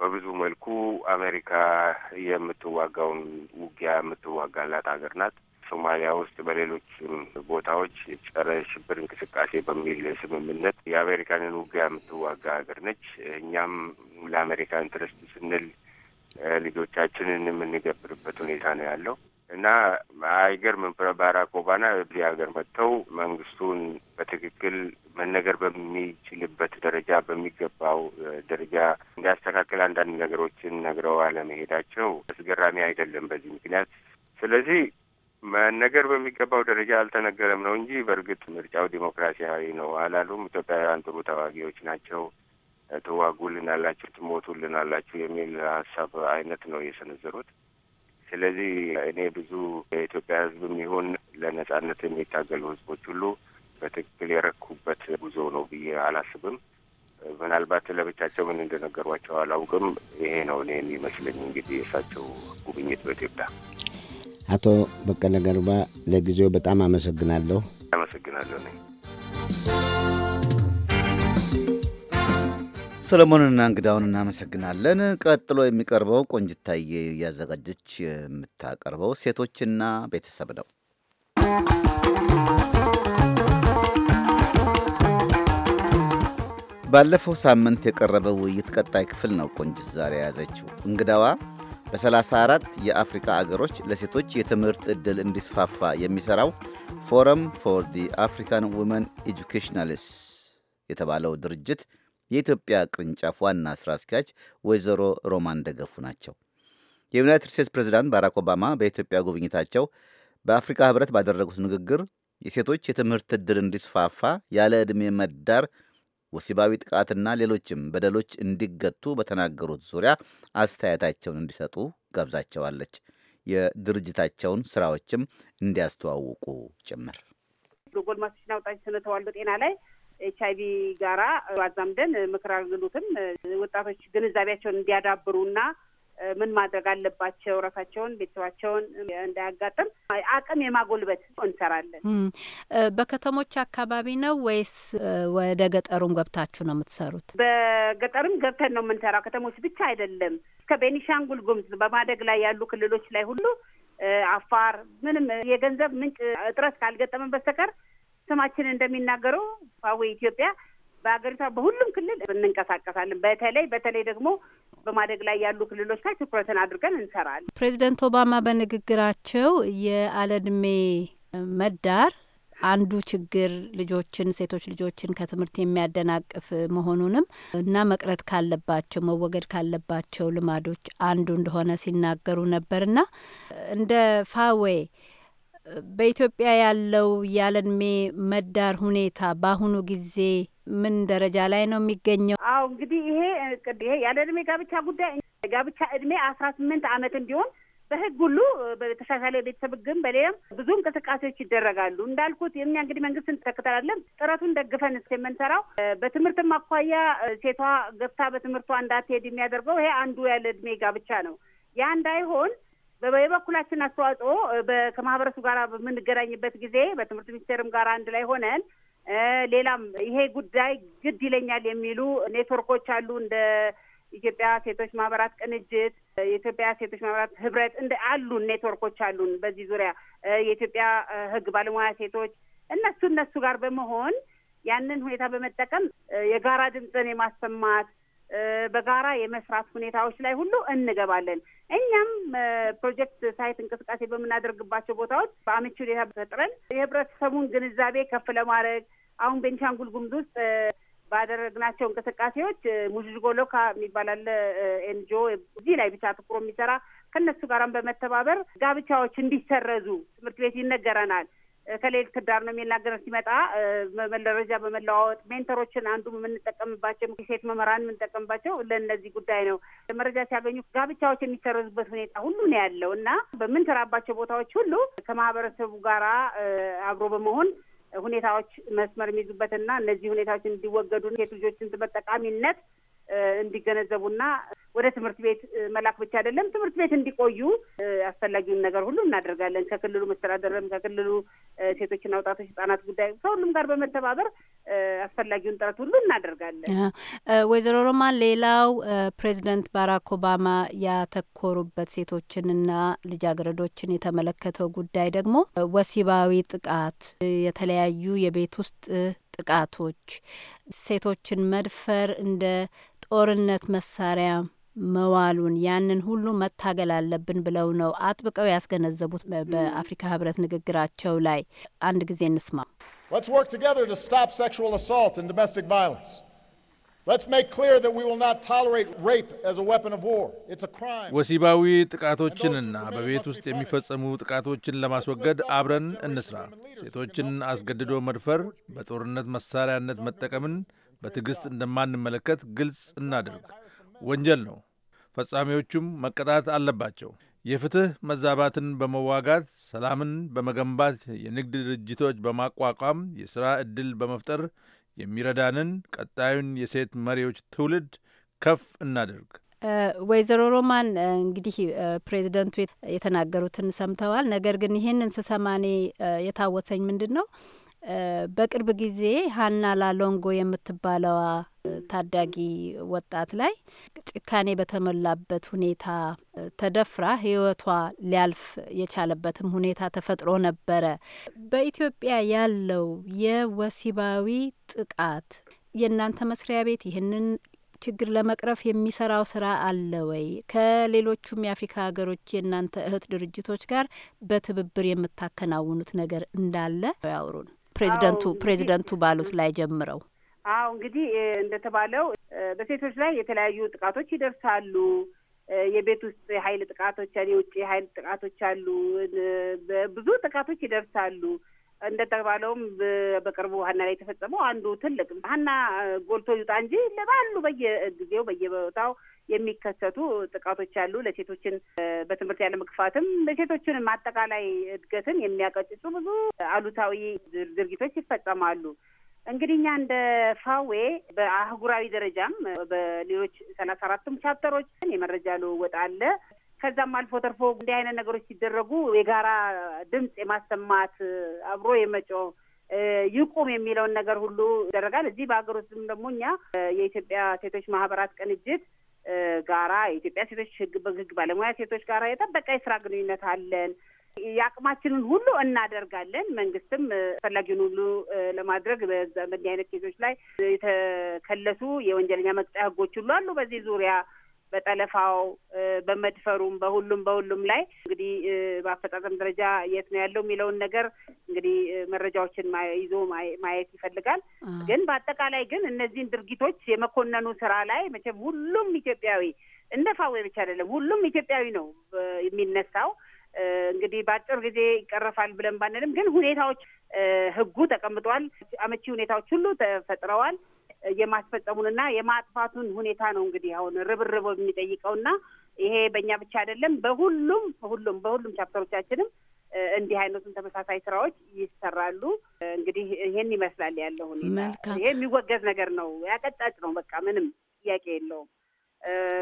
በብዙ መልኩ አሜሪካ የምትዋጋውን ውጊያ የምትዋጋላት ሀገር ናት። ሶማሊያ ውስጥ በሌሎችም ቦታዎች ጸረ ሽብር እንቅስቃሴ በሚል ስምምነት የአሜሪካንን ውጊያ የምትዋጋ ሀገር ነች። እኛም ለአሜሪካ ኢንትረስት ስንል ልጆቻችንን የምንገብርበት ሁኔታ ነው ያለው እና አይገርምም። ባራክ ኦባማ እዚህ ሀገር መጥተው መንግስቱን በትክክል መነገር በሚችልበት ደረጃ በሚገባው ደረጃ እንዲያስተካክል አንዳንድ ነገሮችን ነግረው አለመሄዳቸው አስገራሚ አይደለም በዚህ ምክንያት ስለዚህ መነገር በሚገባው ደረጃ አልተነገረም ነው እንጂ በእርግጥ ምርጫው ዲሞክራሲያዊ ነው አላሉም። ኢትዮጵያውያን ጥሩ ተዋጊዎች ናቸው፣ ትዋጉልናላችሁ፣ ትሞቱልናላችሁ የሚል ሀሳብ አይነት ነው የሰነዘሩት። ስለዚህ እኔ ብዙ የኢትዮጵያ ሕዝብም ይሁን ለነጻነት የሚታገሉ ሕዝቦች ሁሉ በትክክል የረኩበት ጉዞ ነው ብዬ አላስብም። ምናልባት ለብቻቸው ምን እንደነገሯቸው አላውቅም። ይሄ ነው እኔ የሚመስለኝ እንግዲህ የእሳቸው ጉብኝት በኢትዮጵያ አቶ በቀለ ገርባ ለጊዜው በጣም አመሰግናለሁ። አመሰግናለሁ። ሰለሞንና እንግዳውን እናመሰግናለን። ቀጥሎ የሚቀርበው ቆንጅታዬ እያዘጋጀች የምታቀርበው ሴቶችና ቤተሰብ ነው። ባለፈው ሳምንት የቀረበው ውይይት ቀጣይ ክፍል ነው ቆንጅት ዛሬ የያዘችው እንግዳዋ በ34 የአፍሪካ አገሮች ለሴቶች የትምህርት ዕድል እንዲስፋፋ የሚሠራው ፎረም ፎር ዲ አፍሪካን ውመን ኤጁኬሽናልስ የተባለው ድርጅት የኢትዮጵያ ቅርንጫፍ ዋና ሥራ አስኪያጅ ወይዘሮ ሮማን ደገፉ ናቸው። የዩናይትድ ስቴትስ ፕሬዚዳንት ባራክ ኦባማ በኢትዮጵያ ጉብኝታቸው በአፍሪካ ህብረት ባደረጉት ንግግር የሴቶች የትምህርት ዕድል እንዲስፋፋ ያለ ዕድሜ መዳር ወሲባዊ ጥቃትና ሌሎችም በደሎች እንዲገቱ በተናገሩት ዙሪያ አስተያየታቸውን እንዲሰጡ ገብዛቸዋለች የድርጅታቸውን ስራዎችም እንዲያስተዋውቁ ጭምር በጎልማሶችና አውጣች ስነ ተዋልዶ ጤና ላይ ኤች አይቪ ጋራ አዛምደን ምክር አገልግሎትም ወጣቶች ግንዛቤያቸውን እንዲያዳብሩና ምን ማድረግ አለባቸው ራሳቸውን፣ ቤተሰባቸውን እንዳያጋጥም አቅም የማጎልበት እንሰራለን። በከተሞች አካባቢ ነው ወይስ ወደ ገጠሩም ገብታችሁ ነው የምትሰሩት? በገጠርም ገብተን ነው የምንሰራው። ከተሞች ብቻ አይደለም። እስከ ቤኒሻንጉል ጉምዝ በማደግ ላይ ያሉ ክልሎች ላይ ሁሉ አፋር፣ ምንም የገንዘብ ምንጭ እጥረት ካልገጠመን በስተቀር ስማችን እንደሚናገረው ፋዌ ኢትዮጵያ በሀገሪቷ በሁሉም ክልል እንንቀሳቀሳለን። በተለይ በተለይ ደግሞ በማደግ ላይ ያሉ ክልሎች ላይ ትኩረትን አድርገን እንሰራለን። ፕሬዚደንት ኦባማ በንግግራቸው የአለድሜ መዳር አንዱ ችግር ልጆችን ሴቶች ልጆችን ከትምህርት የሚያደናቅፍ መሆኑንም እና መቅረት ካለባቸው መወገድ ካለባቸው ልማዶች አንዱ እንደሆነ ሲናገሩ ነበርና እንደ ፋዌ በኢትዮጵያ ያለው ያለ እድሜ መዳር ሁኔታ በአሁኑ ጊዜ ምን ደረጃ ላይ ነው የሚገኘው? አዎ እንግዲህ ይሄ ይሄ ያለ እድሜ ጋብቻ ጉዳይ ጋብቻ እድሜ አስራ ስምንት አመትም ቢሆን በህግ ሁሉ በተሻሻለ ቤተሰብ ህግም በሌላም ብዙ እንቅስቃሴዎች ይደረጋሉ። እንዳልኩት እኛ እንግዲህ መንግስትን ተከተላለን ጥረቱን ደግፈን እስከምንሰራው በትምህርትም አኳያ ሴቷ ገብታ በትምህርቷ እንዳትሄድ የሚያደርገው ይሄ አንዱ ያለ እድሜ ጋብቻ ነው። ያ እንዳይሆን በበኩላችን አስተዋጽኦ ከማህበረሰቡ ጋር በምንገናኝበት ጊዜ በትምህርት ሚኒስቴርም ጋር አንድ ላይ ሆነን ሌላም ይሄ ጉዳይ ግድ ይለኛል የሚሉ ኔትወርኮች አሉ እንደ ኢትዮጵያ ሴቶች ማህበራት ቅንጅት፣ የኢትዮጵያ ሴቶች ማህበራት ህብረት እንደ አሉን ኔትወርኮች አሉን በዚህ ዙሪያ የኢትዮጵያ ህግ ባለሙያ ሴቶች እነሱ እነሱ ጋር በመሆን ያንን ሁኔታ በመጠቀም የጋራ ድምፅን የማሰማት በጋራ የመስራት ሁኔታዎች ላይ ሁሉ እንገባለን። እኛም ፕሮጀክት ሳይት እንቅስቃሴ በምናደርግባቸው ቦታዎች በአመቺ ሁኔታ ፈጥረን የህብረተሰቡን ግንዛቤ ከፍ ለማድረግ አሁን ቤንሻንጉል ጉምዝ ውስጥ ባደረግናቸው እንቅስቃሴዎች ሙዥጎ ሎካ የሚባል አለ ኤንጂኦ እዚህ ላይ ብቻ ትኩሮ የሚሰራ ከእነሱ ጋራም በመተባበር ጋብቻዎች እንዲሰረዙ ትምህርት ቤት ይነገረናል። ከሌል ትዳር ነው የሚናገር ሲመጣ መለረጃ በመለዋወጥ ሜንተሮችን አንዱ የምንጠቀምባቸው ሴት መምህራን የምንጠቀምባቸው ለእነዚህ ጉዳይ ነው። መረጃ ሲያገኙ ጋብቻዎች የሚሰረዙበት ሁኔታ ሁሉ ነው ያለው እና በምንሰራባቸው ቦታዎች ሁሉ ከማህበረሰቡ ጋራ አብሮ በመሆን ሁኔታዎች መስመር የሚይዙበትና እነዚህ ሁኔታዎች እንዲወገዱ ሴት ልጆችን ጠቃሚነት እንዲገነዘቡና ወደ ትምህርት ቤት መላክ ብቻ አይደለም፣ ትምህርት ቤት እንዲቆዩ አስፈላጊውን ነገር ሁሉ እናደርጋለን። ከክልሉ መስተዳደርም ከክልሉ ሴቶችና ወጣቶች ህጻናት ጉዳይ ከሁሉም ጋር በመተባበር አስፈላጊውን ጥረት ሁሉ እናደርጋለን። ወይዘሮ ሮማ፣ ሌላው ፕሬዚደንት ባራክ ኦባማ ያተኮሩበት ሴቶችንና ልጃገረዶችን የተመለከተው ጉዳይ ደግሞ ወሲባዊ ጥቃት፣ የተለያዩ የቤት ውስጥ ጥቃቶች፣ ሴቶችን መድፈር እንደ ጦርነት መሳሪያ መዋሉን ያንን ሁሉ መታገል አለብን ብለው ነው አጥብቀው ያስገነዘቡት በአፍሪካ ህብረት ንግግራቸው ላይ። አንድ ጊዜ እንስማ። ወሲባዊ ጥቃቶችንና በቤት ውስጥ የሚፈጸሙ ጥቃቶችን ለማስወገድ አብረን እንስራ። ሴቶችን አስገድዶ መድፈር፣ በጦርነት መሳሪያነት መጠቀምን በትግስት እንደማንመለከት ግልጽ እናድርግ። ወንጀል ነው። ፈጻሚዎቹም መቀጣት አለባቸው። የፍትህ መዛባትን በመዋጋት ሰላምን በመገንባት የንግድ ድርጅቶች በማቋቋም የሥራ ዕድል በመፍጠር የሚረዳንን ቀጣዩን የሴት መሪዎች ትውልድ ከፍ እናደርግ። ወይዘሮ ሮማን እንግዲህ ፕሬዚደንቱ የተናገሩትን ሰምተዋል። ነገር ግን ይህንን ስሰማኔ የታወሰኝ ምንድን ነው በቅርብ ጊዜ ሀና ላሎንጎ የምትባለዋ ታዳጊ ወጣት ላይ ጭካኔ በተሞላበት ሁኔታ ተደፍራ ሕይወቷ ሊያልፍ የቻለበትም ሁኔታ ተፈጥሮ ነበረ። በኢትዮጵያ ያለው የወሲባዊ ጥቃት የእናንተ መስሪያ ቤት ይህንን ችግር ለመቅረፍ የሚሰራው ስራ አለ ወይ? ከሌሎቹም የአፍሪካ ሀገሮች የእናንተ እህት ድርጅቶች ጋር በትብብር የምታከናውኑት ነገር እንዳለ ያውሩን። ፕሬዚደንቱ ፕሬዚደንቱ ባሉት ላይ ጀምረው አዎ እንግዲህ እንደተባለው በሴቶች ላይ የተለያዩ ጥቃቶች ይደርሳሉ። የቤት ውስጥ የሀይል ጥቃቶች፣ የውጭ የሀይል ጥቃቶች አሉ። ብዙ ጥቃቶች ይደርሳሉ። እንደተባለውም በቅርቡ ሀና ላይ የተፈጸመው አንዱ ትልቅ ሀና ጎልቶ ይውጣ እንጂ ለባሉ በየጊዜው በየቦታው የሚከሰቱ ጥቃቶች አሉ። ለሴቶችን በትምህርት ያለ መግፋትም ለሴቶችንም አጠቃላይ እድገትን የሚያቀጭጩ ብዙ አሉታዊ ድርጊቶች ይፈጸማሉ። እንግዲህ እኛ እንደ ፋዌ በአህጉራዊ ደረጃም በሌሎች ሰላሳ አራቱም ቻፕተሮች የመረጃ ልውውጥ አለ። ከዛም አልፎ ተርፎ እንዲህ አይነት ነገሮች ሲደረጉ የጋራ ድምፅ የማሰማት አብሮ የመጮ ይቁም የሚለውን ነገር ሁሉ ይደረጋል። እዚህ በሀገር ውስጥም ደግሞ እኛ የኢትዮጵያ ሴቶች ማህበራት ቅንጅት ጋራ የኢትዮጵያ ሴቶች ህግ በህግ ባለሙያ ሴቶች ጋራ የጠበቀ የስራ ግንኙነት አለን። የአቅማችንን ሁሉ እናደርጋለን። መንግስትም ፈላጊውን ሁሉ ለማድረግ በእንዲህ አይነት ኬዞች ላይ የተከለሱ የወንጀለኛ መቅጫ ህጎች ሁሉ አሉ። በዚህ ዙሪያ በጠለፋው፣ በመድፈሩም፣ በሁሉም በሁሉም ላይ እንግዲህ በአፈጻጸም ደረጃ የት ነው ያለው የሚለውን ነገር እንግዲህ መረጃዎችን ይዞ ማየት ይፈልጋል። ግን በአጠቃላይ ግን እነዚህን ድርጊቶች የመኮነኑ ስራ ላይ መቼም ሁሉም ኢትዮጵያዊ እንደ ፋዌ ብቻ አይደለም፣ ሁሉም ኢትዮጵያዊ ነው የሚነሳው። እንግዲህ በአጭር ጊዜ ይቀረፋል ብለን ባንልም ግን ሁኔታዎች ህጉ ተቀምጧል። አመቺ ሁኔታዎች ሁሉ ተፈጥረዋል። የማስፈጸሙንና የማጥፋቱን ሁኔታ ነው እንግዲህ አሁን ርብርብ የሚጠይቀውና ይሄ በእኛ ብቻ አይደለም። በሁሉም ሁሉም በሁሉም ቻፕተሮቻችንም እንዲህ አይነቱን ተመሳሳይ ስራዎች ይሰራሉ። እንግዲህ ይሄን ይመስላል ያለው ሁኔታ። ይሄ የሚወገዝ ነገር ነው፣ ያቀጣጭ ነው። በቃ ምንም ጥያቄ የለውም።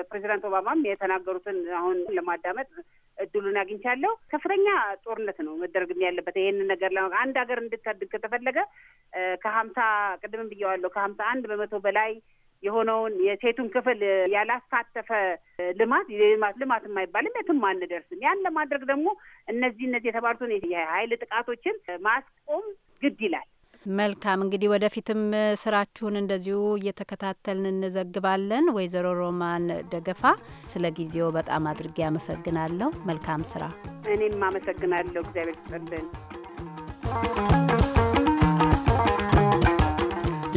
ፕሬዚዳንት ኦባማም የተናገሩትን አሁን ለማዳመጥ እድሉን አግኝቻለሁ። ከፍተኛ ጦርነት ነው መደረግም ያለበት ይህን ነገር ለ አንድ ሀገር እንድታድግ ከተፈለገ ከሀምሳ ቅድምም ብዬዋለሁ ከሀምሳ አንድ በመቶ በላይ የሆነውን የሴቱን ክፍል ያላሳተፈ ልማት ልማት ልማት የማይባልም የትም አንደርስም። ያን ለማድረግ ደግሞ እነዚህ እነዚህ የተባሉትን የሀይል ጥቃቶችን ማስቆም ግድ ይላል። መልካም እንግዲህ ወደፊትም ስራችሁን እንደዚሁ እየተከታተልን እንዘግባለን። ወይዘሮ ሮማን ደገፋ ስለ ጊዜው በጣም አድርጌ አመሰግናለሁ። መልካም ስራ። እኔም አመሰግናለሁ። እግዚአብሔር ይስጥልን።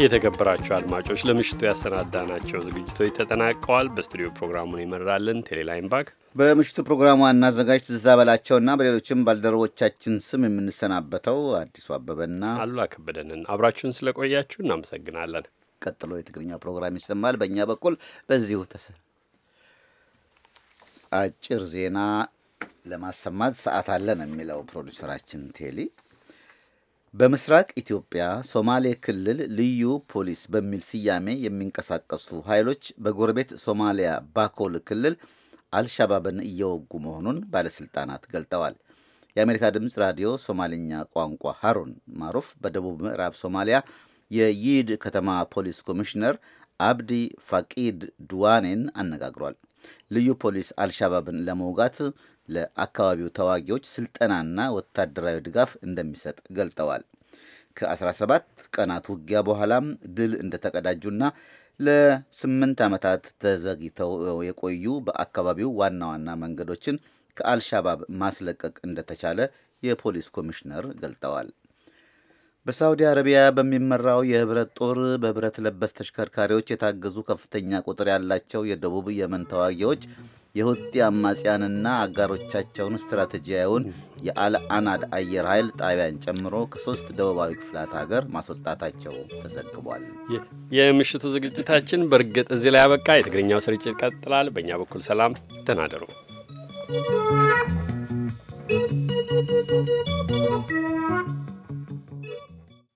የተከበራችሁ አድማጮች ለምሽቱ ያሰናዳናቸው ዝግጅቶች ተጠናቀዋል። በስቱዲዮ ፕሮግራሙን ይመራልን ቴሌላይን ባክ በምሽቱ ፕሮግራሙ ዋና አዘጋጅ ትዝታ በላቸውና በሌሎችም ባልደረቦቻችን ስም የምንሰናበተው አዲሱ አበበና አሉላ ከበደንን አብራችሁን ስለቆያችሁ እናመሰግናለን። ቀጥሎ የትግርኛ ፕሮግራም ይሰማል። በእኛ በኩል በዚሁ ተሰ አጭር ዜና ለማሰማት ሰዓት አለን የሚለው ፕሮዲሰራችን ቴሊ በምስራቅ ኢትዮጵያ ሶማሌ ክልል ልዩ ፖሊስ በሚል ስያሜ የሚንቀሳቀሱ ኃይሎች በጎረቤት ሶማሊያ ባኮል ክልል አልሻባብን እየወጉ መሆኑን ባለሥልጣናት ገልጠዋል። የአሜሪካ ድምፅ ራዲዮ ሶማልኛ ቋንቋ ሃሩን ማሩፍ በደቡብ ምዕራብ ሶማሊያ የይድ ከተማ ፖሊስ ኮሚሽነር አብዲ ፋቂድ ድዋኔን አነጋግሯል። ልዩ ፖሊስ አልሻባብን ለመውጋት ለአካባቢው ተዋጊዎች ስልጠናና ወታደራዊ ድጋፍ እንደሚሰጥ ገልጠዋል። ከ17 ቀናት ውጊያ በኋላም ድል እንደተቀዳጁና ለስምንት ዓመታት ተዘግተው የቆዩ በአካባቢው ዋና ዋና መንገዶችን ከአልሻባብ ማስለቀቅ እንደተቻለ የፖሊስ ኮሚሽነር ገልጠዋል። በሳዑዲ አረቢያ በሚመራው የህብረት ጦር በብረት ለበስ ተሽከርካሪዎች የታገዙ ከፍተኛ ቁጥር ያላቸው የደቡብ የመን ተዋጊዎች የሁቲ አማጽያንና አጋሮቻቸውን ስትራቴጂያዊውን የአልአናድ አየር ኃይል ጣቢያን ጨምሮ ከሶስት ደቡባዊ ክፍላት ሀገር ማስወጣታቸው ተዘግቧል። የምሽቱ ዝግጅታችን በእርግጥ እዚህ ላይ ያበቃ። የትግርኛው ስርጭት ይቀጥላል። በእኛ በኩል ሰላም፣ ደህና እደሩ።